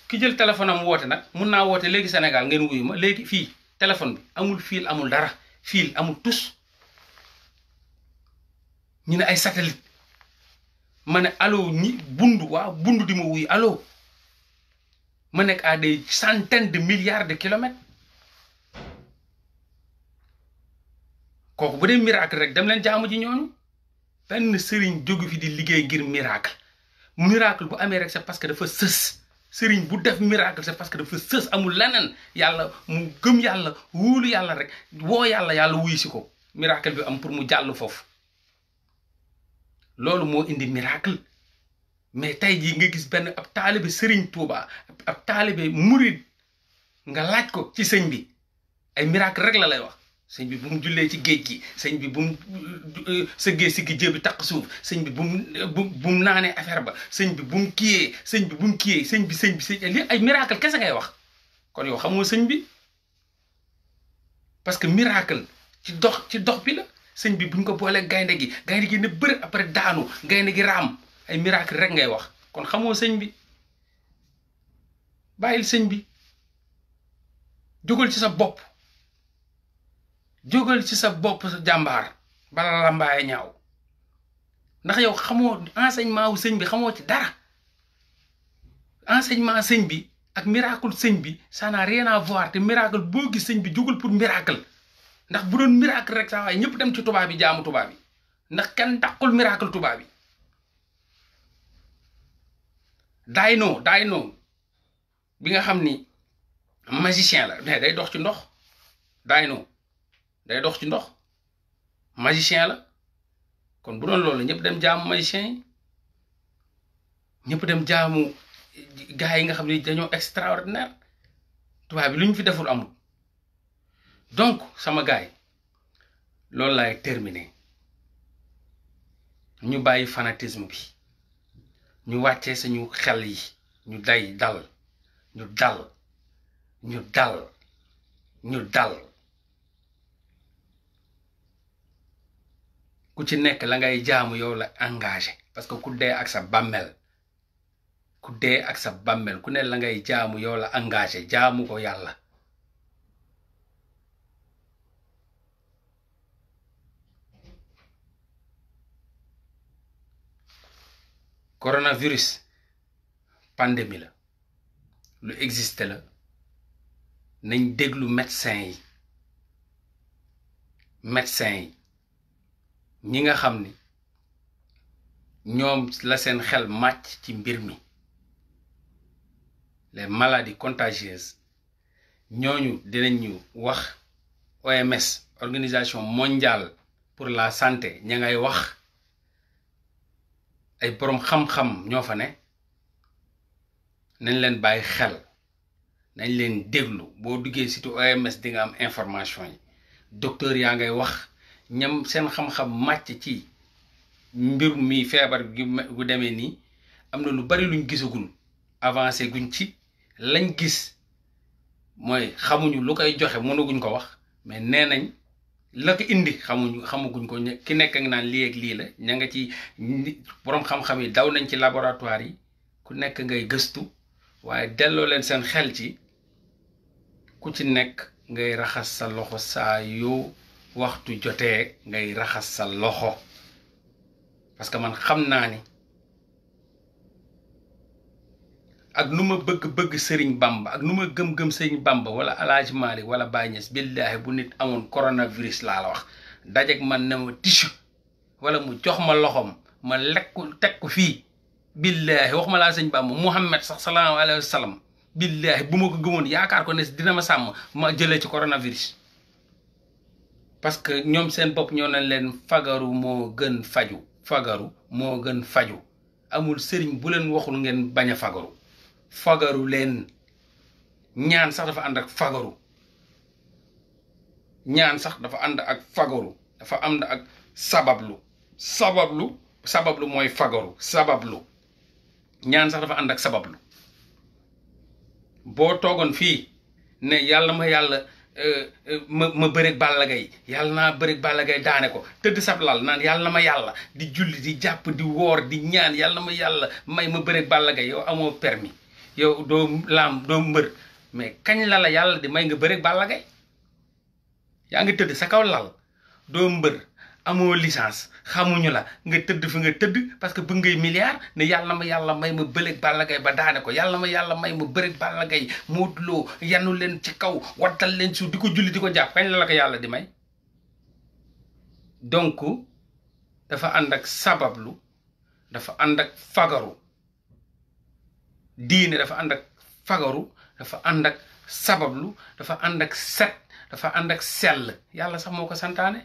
Speaker 2: ki jël téléphone am woote nag mun naa woote léegi Sénégal ngeen wuyu ma léegi fii téléphone bi amul fiil amul dara fiil amul tus ñu ne ay satellite ma ne allo ñi bund waaw bund di ma wuy allo ma nekk à des centaines de milliards de kilomètres kooku bu dee miracle rek dem leen jaamu ji ñooñu benn sëriñ jógu fi di liggéey ngir miracle miracle bu amee rek c'est parce que dafa sës sëriñ bu def miracle sa parce que dafa sës amul leneen yàlla mu gëm yàlla wóolu yàlla rek woo yàlla yàlla wuy si ko miracle bi am pour mu jàll foofu loolu moo indi miracle mais tey jii nga gis benn ab taalibe sëriñ Touba ab taalibe murid nga laaj ko ci sëñ bi ay miracle rek la lay wax sëñ bi bu mu jullee ci géej gi sëñ bi bu mu euh, sëggee si taq suuf sëñ bi bu mu bu mu affaire ba sëñ bi bu mu kiyee sëñ bi bu mu kiyee sëñ bi sëñ bi sëñ li ay miracle kese ngay wax kon yow xamoo sëñ bi parce que miracle ci dox ci dox bi la sëñ bi buñ ko boolee gaynde gi gaynde gi ne bër après daanu gaynde gi raam ay miracle rek ngay wax kon xamoo sëñ bi bàyyil sëñ bi jógal ci sa bopp jógal ci sa bopp sa jàmbaar bala la mbaaye ñaaw ndax yow xamoo enseignement wu sëñ bi xamoo ci dara enseignement sëñ bi ak miracle sëñ bi ça n'a rien à voir te miracle boo gis sëñ bi jógal pour miracle ndax bu doon miracle rek saa waaye ñëpp dem ci tubaab bi jaamu tubaab bi ndax kenn daqul miracle tubaab bi daay noo daay noo bi nga xam ni magicien la mais day dox ci ndox daay noo day dox ci ndox magicien la kon bu doon loolu ñëpp dem jaamu magicien yi ñëpp dem jaamu gars yi nga xam ni dañoo extraordinaire tubaab bi lu ñu fi deful amul donc sama gaay loolu laay terminer ñu bàyyi fanatisme bi ñu wàccee suñu xel yi ñu day dal ñu dal ñu dal ñu dal ku ci nekk la ngay jaamu yow la engagé parce que ku dee ak sa bàmmeel ku dee ak sa bammel ku ne la ngay jaamu yow la engagé jaamu ko yàlla coronavirus pandémie la lu existe la nañ déglu médecin yi médecin yi ñi nga xam ni ñoom la seen xel màcc ci mbir mi les maladies contagieuses ñooñu dinañ ñu wax OMS organisation mondiale pour la santé ña ngay wax ay boroom xam-xam ñoo fa ne nañ leen bàyyi xel nañ leen déglu boo duggee situ OMS di nga am information yi docteur yaa ngay wax ñam seen xam-xam màcc ci mbir mi feebar gu demee nii am na lu bari luñ gisagul avancé guñ ci lañ gis mooy xamuñu lu koy joxe mënaguñ ko wax mais nee nañ la ko indi xamuñu xamaguñ ko ki nekk nga naan lii ak lii la ña nga ci borom xam-xam yi daw nañ ci laboratoire yi ku nekk ngay gëstu waaye delloo leen seen xel ci ku ci nekk ngay raxas sa loxo saa yoo waxtu jotee ngay raxas sa loxo parce que man xam naa ni ak nu ma bëgg-bëgg Serigne Bamba ak nu ma gëm-gëm Serigne Bamba wala El Hadj wala Baye Niass billaahi bu nit amoon coronavirus laa la wax dajeeg man ne ma tissu wala mu jox ma loxoom ma lekku teg ko fii billaahi wax ma laa Sëñ Bamba Muhammad sax sallallahu alayhi wa sallam bu ma gëmoon yaakaar ne dina ma sàmm ma jëlee ci coronavirus. parce que ñoom seen bopp ñoo nañ leen fagaru moo gën faju fagaru moo gën faju amul sëriñ bu leen waxul ngeen bañ a fagaru. fagaru leen ñaan sax dafa ànd ak fagaru ñaan sax dafa ànd ak fagaru dafa ànd ak sabablu sabablu sabablu mooy fagaru sabablu ñaan sax dafa ànd ak sabablu boo toogoon fii ne yàlla ma yàlla euh, euh, ma ma bëreeg Balla Gaye yàlla naa bëreeg Balla Gaye daane ko tëdd sab naan yàlla na ma yàlla di julli di jàpp di woor di ñaan yàlla ma yàlla may ma bëreeg Balla Gaye yow amoo permis yow doo laam doo mbër mais kañ la la yàlla di may nga bëre Balla yaa ngi tëdd sa kaw lal doo mbër amoo licence xamuñu la nga tëdd fi nga tëdd parce que bëgg ngay milliard ne yàlla ma yàlla may ma bëreeg Balla ba daane ko yàlla ma yàlla may ma bëreeg Balla Gaye Modou yanu leen ci kaw wattal leen suuf di ko julli di ko jàpp kañ la ko yàlla di may donc dafa ànd ak sabablu dafa ànd ak fagaru diine dafa ànd ak fagaru dafa ànd ak sabablu dafa ànd ak set dafa ànd ak sell yàlla sax moo ko santaane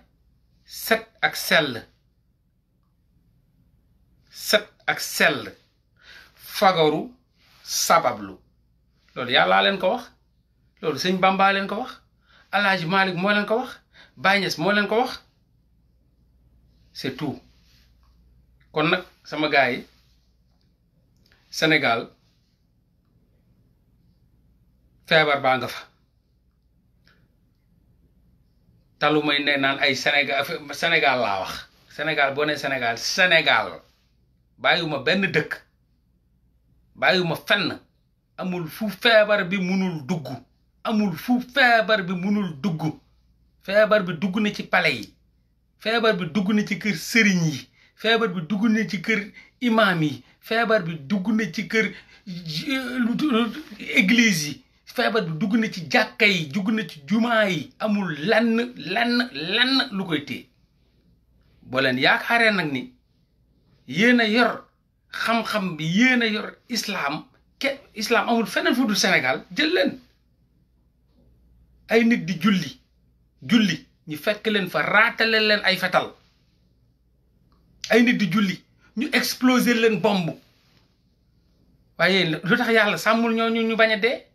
Speaker 2: set ak sell set ak sell fagaru sabablu loolu yàlla leen ko wax loolu sëñ Bamba leen ko wax Alaaji Malik moo leen ko wax Baay Ñas moo leen ko wax c'est kon nag sama gaa yi Sénégal feebar baa nga fa taluma may ne naan ay Sénégal Sénégal laa wax Sénégal boo ne Sénégal Sénégal benn dëkk bàyyiwuma fenn amul fu feebar bi munul dugg amul fu feebar bi munul dugg feebar bi dugg na ci pale yi feebar bi dugg na ci kër sëriñ yi feebar bi dugg na ci kër imaam yi feebar bi dugg na ci kër euh, église yi feebar bi dugg na ci jàkka yi dugg na ci jumaa yi amul lenn lenn lenn lu koy téye boo leen nag ni yéen a yor xam-xam bi yéen a yor islaam ke islaam amul feneen fu dul Sénégal jël ay nit di julli julli ñu fekk leen fa raatale leen ay fetal ay nit di julli ñu exploser leen bomb waaye lu tax yàlla sàmmul ñooñu ñu bañ a dee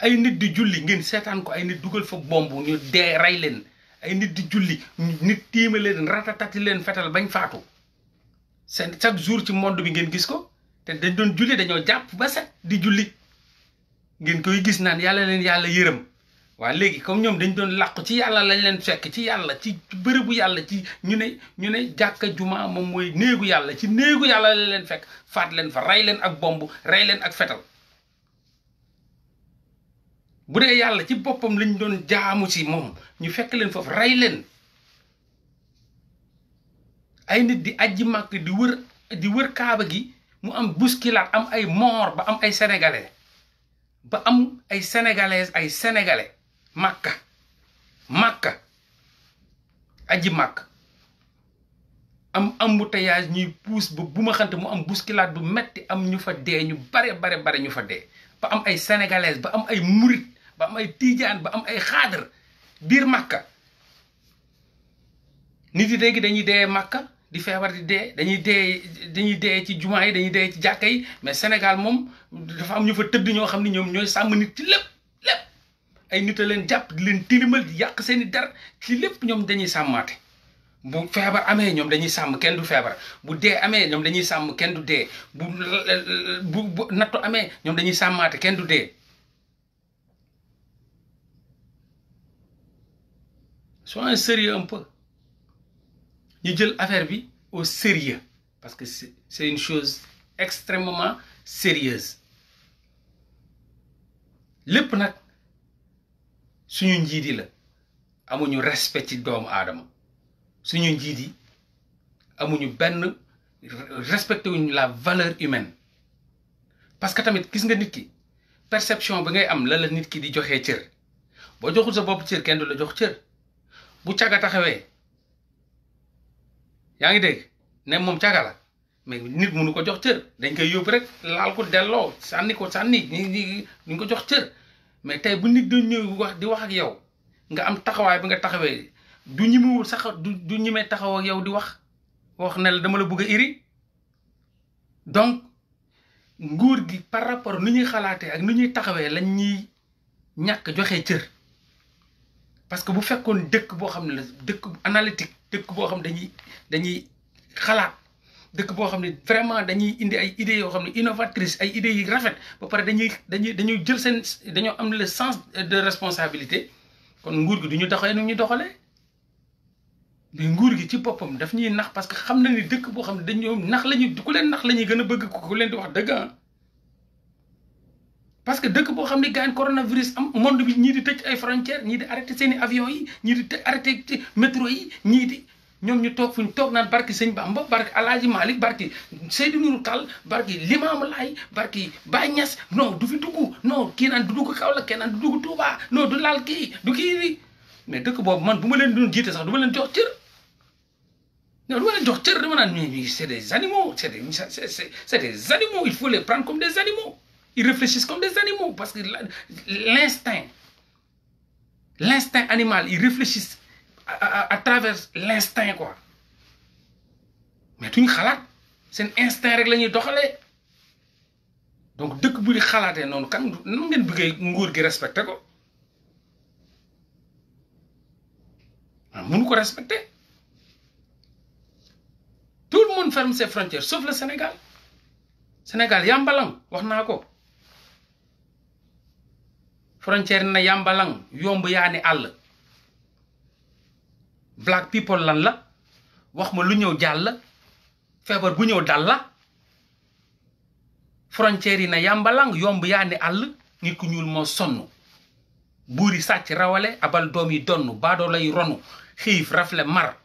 Speaker 2: ay nit di julli ngeen seetaan ko ay nit dugal fa bomb ñu dee rey leen ay nit di julli nit tiime leen ratatati leen fetal bañ faatu seen chaque jour ci monde bi ngeen gis ko te dañ doon julli dañoo jàpp ba set di julli ngeen koy gis naan yàlla leen yàlla yërëm waa léegi comme ñoom dañ doon làqu ci yàlla lañ leen fekk ci yàlla ci bërëbu yàlla ci ñu ne ñu ne jàkka juma moom mooy néegu yàlla ci néegu yàlla lañ leen fekk faat leen fa rey leen ak bomb rey leen ak fetal bu dee yàlla ci boppam lañ doon jaamu ci moom ñu fekk leen foofu rey leen ay nit di aji màkk di wër wër kaaba gi mu am bousculade am ay moor ba am ay sénégalais ba am ay sénégalaises ay sénégalais màkka màkka aji màkk am embouteillage ñuy puus ba bu ma xante mu am bousculade bu metti am ñu fa dee ñu bare bare bare ñu fa dee ba am ay sénégalaises ba am ay murit ba am ay tiijaan ba am ay xaadar biir màkka nit yi léegi dañuy dee màkka di feebar di dee dañuy dee dañuy dee ci jumaa yi dañuy dee ci jàkka yi mais Sénégal moom dafa am ñu fa tëdd ñoo xam ne ñoom ñooy sàmm nit ci lépp lépp ay nit a leen jàpp di leen tilimal di yàq seeni dar ci lépp ñoom dañuy sàmmaate bu feebar amee ñoom dañuy sàmm kenn du feebar bu dee amee ñoom dañuy sàmm kenn du dee bu bu nattu amee ñoom dañuy sàmmaate kenn du dee soyons sérieux un peu ñu jël affaire bi au sérieux parce que c'est une chose extrêmement sérieuse lépp nag suñu njiit yi la amuñu respect ci doomu aadama suñu njiit yi amuñu benn respecté wuñu la valeur humaine parce que tamit gis nga nit ki perception bi ngay am la la nit ki di joxee cër boo joxul sa bopp cër kenn du la jox cër bu caga taxawee yaa ngi dégg ne moom caga la mais nit mënu ko jox cër dañ koy yóbbu rek laal ko delloo sànni ko sànni ñi ñu ko jox cër mais tey bu nit doon ñëw wax di wax ak yow nga am taxawaay bi nga taxawee du ñimewul sax du du ñimee taxaw ak yow di wax wax ne dama la bugg a iri donc nguur gi par rapport nu ñuy xalaatee ak nu ñuy taxawee lañ ñuy ñàkk joxe cër parce que bu fekkoon dëkk boo xam ne la dëkk analytique dëkk boo xam dañuy dañuy xalaat dëkk boo xam ne vraiment dañuy indi ay idées yoo xam ne innovatrice ay idées yi rafet ba pare dañuy dañuy dañuy jël seen dañoo am le sens de responsabilité kon nguur gi du ñu doxee nu ñu doxalee mais nguur gi ci boppam daf ñuy nax parce que xam na ni dëkk boo xam ne dañoo nax la ñuy ku leen nax la ñuy gën a bëgg ku leen di wax dëgga ah. parce que dëkk boo xam ne gaañ coronavirus am monde bi ñii di tëj ay frontières ñii di i avions yi ñii di arrêté métro yi ñii di ñoom toog fu ñu toog naan barki sëñ Bamba barki Alaaji Malick barki Seydou Nourou Tall barki Limaamu Laay barki Baye Niass du fi dugg non kii naan du dugg Kaolack kii naan du dugg Touba non du laal kii du kii bi mais dëkk boobu man bu ma leen doon jiite sax du ma leen jox cër non du ma leen c'est des animaux c'est des c'est ils comme des animaux parce que l'instinct, l'instinct animal, ils réfléchissent à, à, travers l'instinct quoi. mais duñ xalaat seen instinct rek la ñuy doxalee donc dëkk bu di xalaatee noonu kan nan ngeen bëggee nguur gi respecté ko ah mënu ko respecté tout le monde ferme ses frontières sauf le Sénégal Sénégal yàmbalam wax naa ko. frontière na yàmbalang yomb yaa ni àll black people lan la wax ma lu ñëw jàll feebar bu ñëw dàll la frontière yi na yàmbalang yomb yaa ni àll nit ku ñuul moo sonn buur yi sàcc rawale abal doom yi donn baadoo lay ronu xiif rafle mar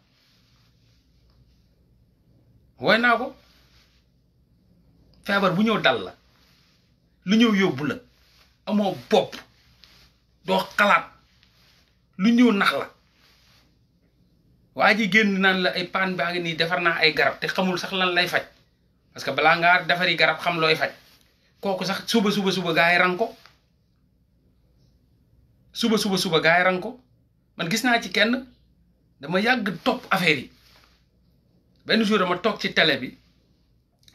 Speaker 2: woy naa ko feebar bu ñëw dal la lu ñëw yóbbu la amoo bopp doo xalaat lu ñëw nax la waa ji génn naan la ay paan baa ngi nii defar naa ay garab te xamul sax lan lay faj parce que balaa ngaa defari garab xam looy faj kooku sax suba suba suba gaa yi ran ko suba suba suba gaa yi ran man gis naa ci kenn dama yàgg topp affaire yi benn jour dama toog ci télé bi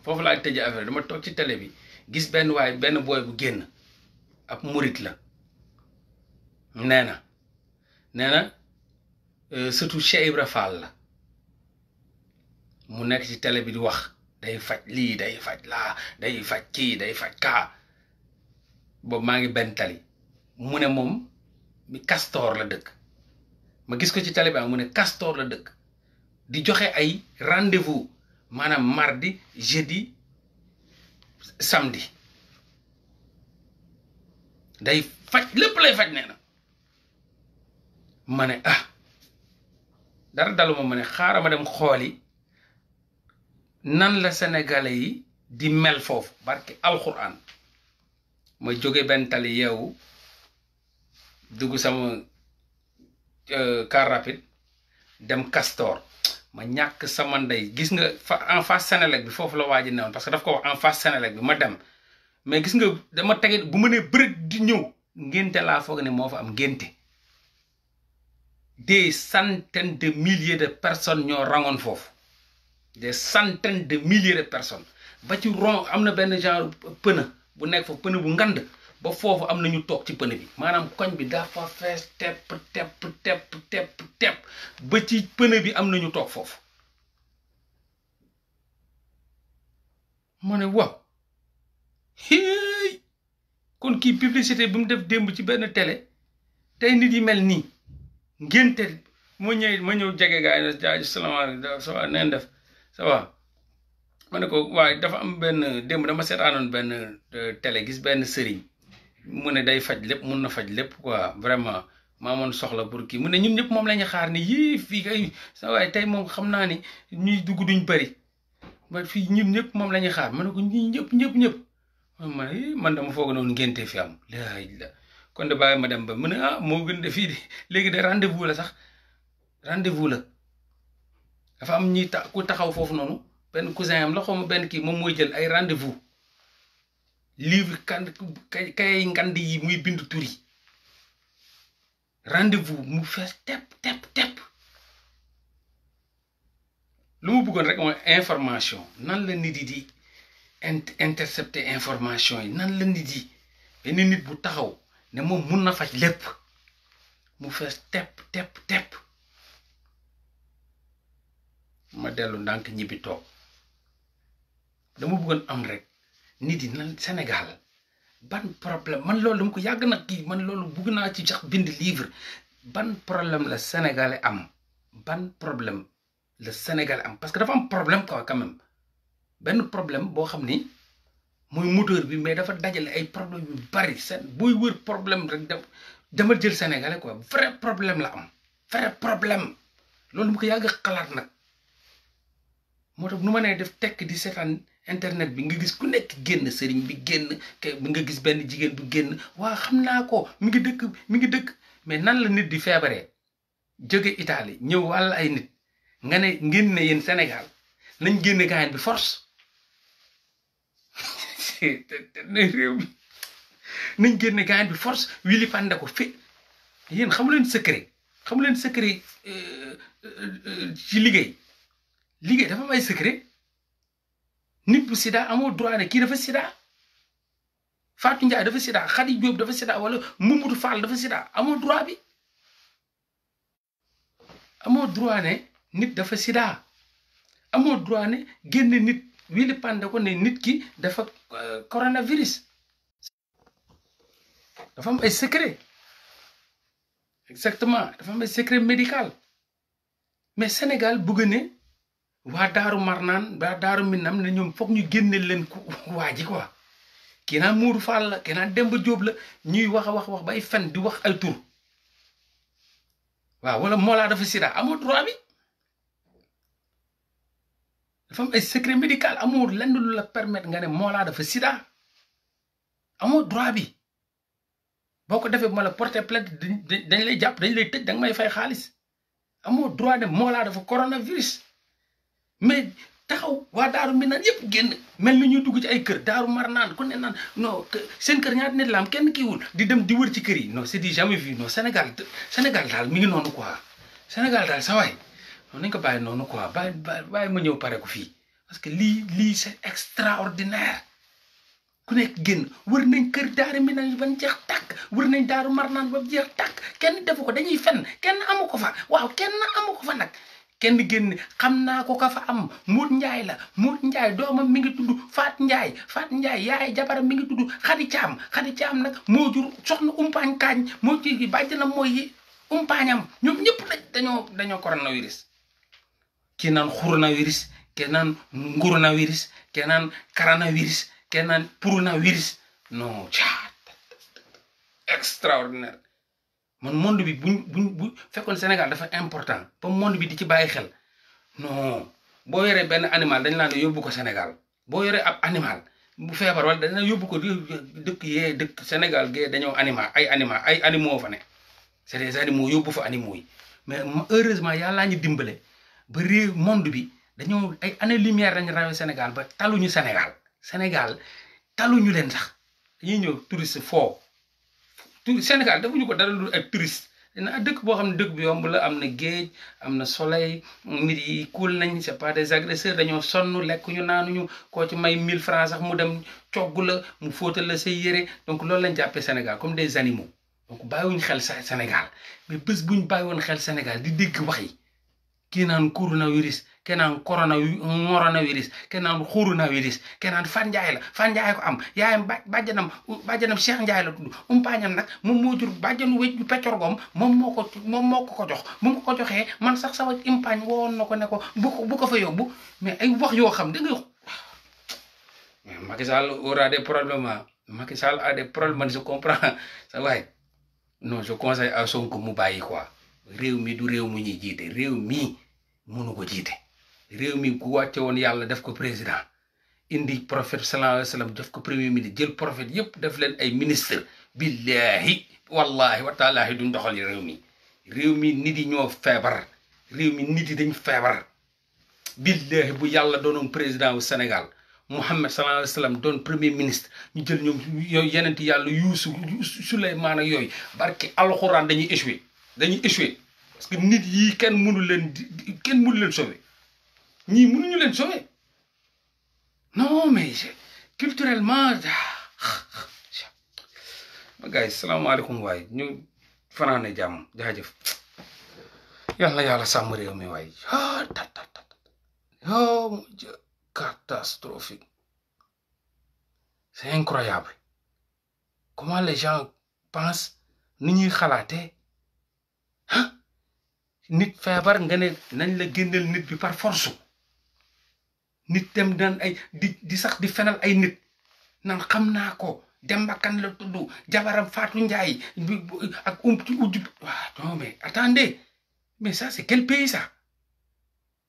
Speaker 2: foofu laa tëjee affaire dama toog ci télé bi gis benn waay benn booy bu génn ab murit la nee na nee na eh, surtout Cheikh Ibra la mu nekk ci télé bi di wax day faj lii day faj laa day faj kii day faj kaa boobu maa ngi benn tali mu ne moom mi Castor la dëkk ma gis ko ci télé bi ah, mu ne Castor la dëkk di joxe ay rendez-vous maanaam mardi jeudi samedi day faj lépp lay faj nee na ma ne ah dara daluma ma ne xaaral ma dem xooli nan la sénégalais yi di mel foofu barki alxuraan ma jóge benn tali yeewu dugg sama euh, car rapide dem Castor ma ñàkk sama ndey gis nga fa en face Sénélec bi foofu la waa ji newoon parce que daf ko wax en face Sénélec bi ma dem mais gis nga dama tege bu ma nee bëri di ñëw ngénte laa foog ne moo fa am ngénte des centaines de milliers de personnes ñoo rangoon foofu des centaines de milliers de personnes ba ci ron am na benn genre pënë bu nekk fa pënë bu ngand ba foofu am na ñu toog ci pënë bi maanaam koñ bi daa dafa fees tepp tepp tepp tepp tepp ba ci pënë bi am na ñu toog foofu ma wo waaw kon kii publicité bi mu def démb ci benn télé tey nit yi mel nii ngénte mu ñëw ma ñëw jege gaa yi jaaj salaamaaleykum ça neen def sawa va ma ne ko waaye dafa am benn démb dama seetaanoon benn euh, télé gis benn sëriñ mu ne day faj lépp mun na faj lépp quoi vraiment maa moon soxla pour kii mu ne ñun ñëpp moom lañu xaar ni yii fii kay sawa tey moom xam naa ni ñuy dugg duñ bëri ba fii ñun ñëpp moom la ñu xaar ma ne ko ñii ñëpp ñëpp ñëpp man man dama foog noonu ngénte fi am la kon de bàyyi ma dem ba mu a ah moo gën de fii de léegi de rendez-vous la sax rendez-vous la dafa am ñuy tax ku taxaw foofu noonu benn cousin am la xaw benn kii moom mooy jël ay rendez-vous livre kan kay ngand yi muy bind tur yi rendez mu fees tepp tepp tepp lu mu bëggoon rek mooy information nan la nit yi di intercepter information yi nan la nit yi benn nit bu taxaw ne moom mun na faj lépp mu fees tepp tepp tepp ma dellu ndànk ñibbi toog dama bëggoon am rek nit yi na senegal ban problème man loolu dama ko yàgg nag kii man loolu bëgg naa ci sax bind livre ban problème la sénégalais am ban problème la sénégalais am parce que dafa am problème quoi quand benn problème boo xam ni. mooy moteur bi mais dafa dajale ay problème yu bari seen booy wër problème rek dem demal jël sénégalais quoi vrai problème la am vrai problème loolu mu ko yàgg xalaat nag moo tax nu ma nee def tekk di seetaan internet bi nga gis ku nekk génn sëriñ bi génn bi nga gis benn jigéen bu génn waa xam naa ko mi ngi dëkk mi ngi dëkk mais nan la nit di feebaree jóge Italie ñëw wàll ay nit nga ne ngeen ne yéen Sénégal nañ génn gaañ bi force réew mi nañ génne gaañ bi force wili pande ko fi yéen xamu leen secret xamu leen secret euh, euh, euh, ci liggéey liggéey dafa may secret nit bu sida amoo droit kii dafa sida Fatou Ndiaye dafa sida Khady Diop dafa sida wala Mamadou Fall dafa sida amoo droit bi amoo droit nit dafa sida amoo droit ne nit wili pande ko ne nit ki dafa euh, coronavirus dafa am ay secret exactement dafa am ay secret médical mais Sénégal bëgg ne waa daaru marnaan waa daaru minam ne ñoom foog ñu génne leen ku [LAUGHS] waa ji quoi naa Mourou Fall la kii naa Demba Diop la ñuy wax a wax wax bay fen di wax ay waaw wala moolaa dafa sida amoo droit bi dafa ay secret médical amoo lenn lu la permettre nga ne Mollah dafa sida amoo droit bi boo ko defee bu ma la porter plainte dañ lay jàpp dañ lay tëj danga may fay xaalis amoo droit ne Mollah dafa coronavirus mais taxaw waa daaru mi naan yëpp génn mel ni ñuy dugg ci ay kër daaru mar naan ku ne naan non seen kër ñaata nit la kenn kiiwul di dem di wër ci kër yi non c'est du jamais vu non Sénégal Sénégal daal mi ngi noonu quoi Sénégal daal sa noonu nañ ko bàyyi noonu quoi bàyyi bàyyi ma ñëw pare ko fii parce que lii lii c'est extraordinaire ku nekk génn wër nañ kër daari mi nañ ban jeex tàkk wër nañ daaru mar naan ba jeex takk kenn defu ko dañuy fenn kenn amu ko fa waaw kenn amu ko fa nag kenn génn xam naa ko ka fa am Mout Ndiaye la Mout Ndiaye doomam mi ngi tudd Faat Ndiaye Faat Ndiaye yaay jabaram mi ngi tudd Khady Thiam Khady Thiam nag moo jur soxna umpaañ kaañ moo ci bàjj na mooy umpaañam ñoom ñëpp dañoo dañoo coronavirus kenan coronavirus kenan coronavirus kenan coronavirus kenan coronavirus non caa extraordinaire man monde bi buñ buñ bu fekkoon senegal dafa important ba monde bi di ci bàyyi xel non boo yoree benn animal dañ laa ne yóbbu ko Sénégal boo yoree ab animal bu feebar wala dañ la yóbbu ko dëkk yee dëkk Sénégal gee dañoo animal ay animal ay animaux fa ne c'est des yóbbu fa animaux yi mais heureusement yàllaa ñu dimbale. ba réew monde bi dañoo ay lumière lañu rawee Sénégal ba taluñu Sénégal Sénégal taluñu leen sax dañuy ñëw touriste foo tu Sénégal defuñu ko dara lu ak touriste na dëkk boo xam ne dëkk bi yomb la am na géej am na soleil nit yi kuul nañ c'est pas des agresseurs dañoo sonn lekk ñu ñu koo ci may mille francs sax mu dem cogg la mu fóotal la sey yére donc loolu lañ jàppee Sénégal comme des animaux donc ñu xel Sénégal mais bés buñ bàyyiwoon xel Sénégal di dégg wax yi kii naan coronavirus kii naan corona coronavirus kii naan coronavirus kii naan Fat Ndiaye la Fat Ndiaye ko am yaayam ba bàjjanam bàjjanam Cheikh Ndiaye la tudd umpaañam nag moom moo jur bàjjanu wéjju peccorgoom moom moo ko moom moo ko ko jox bu ma ko joxee man sax sama umpaañ woon na ko ne ko bu ko bu ko fa mais ay wax yoo xam da nga Macky Sall aura des problèmes ah. Macky Sall a des problèmes man je comprends ça [LAUGHS] waaye non je conseille à Sonko mu bàyyi quoi réew mi du réew mu ñuy jiite réew mii mënu ko jiite réew mi ku wàcce woon yàlla def ko président indi prophète sallallahu alayhi wa sallam def ko premier ministre jël prophète yëpp def leen ay ministre billahi wallahi wa taalaahi duñ doxal yi réew mi réew mi nit yi ñoo feebar réew mi nit yi dañ feebar billahi bu yàlla doonoon président wu Sénégal Mouhamed sallallahu alayhi wa sallam doon premier ministre ñu jël ñoom yooyu yeneen yàlla yuusu Suleymaan ak yooyu barki alxuraan dañuy échoué dañuy échoué parce que nit yii kenn mënu leen di kenn mënu leen sauver ñii mënuñu leen sauver non mais culturellement ma ah, gars yi salaamaaleykum waay ñu fanaane jàmm jaajëf yàlla yàlla sàmm réew mi waay ah tat tat tat oh mon dieu catastrophique c'est incroyable comment les gens pensent ni ñuy xalaatee nit feebar nga ne nañ la génneel nit bi par force nit dem daan ay di di sax di fenal ay nit naan xam naa ko Demba kan la tudd jabaram Fatou Ndiaye ak umti ujub waaw non mais attendez mais ça c'est quel pays ça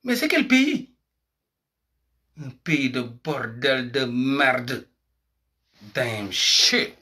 Speaker 2: mais c'est quel pays un de bordel de merde damn shit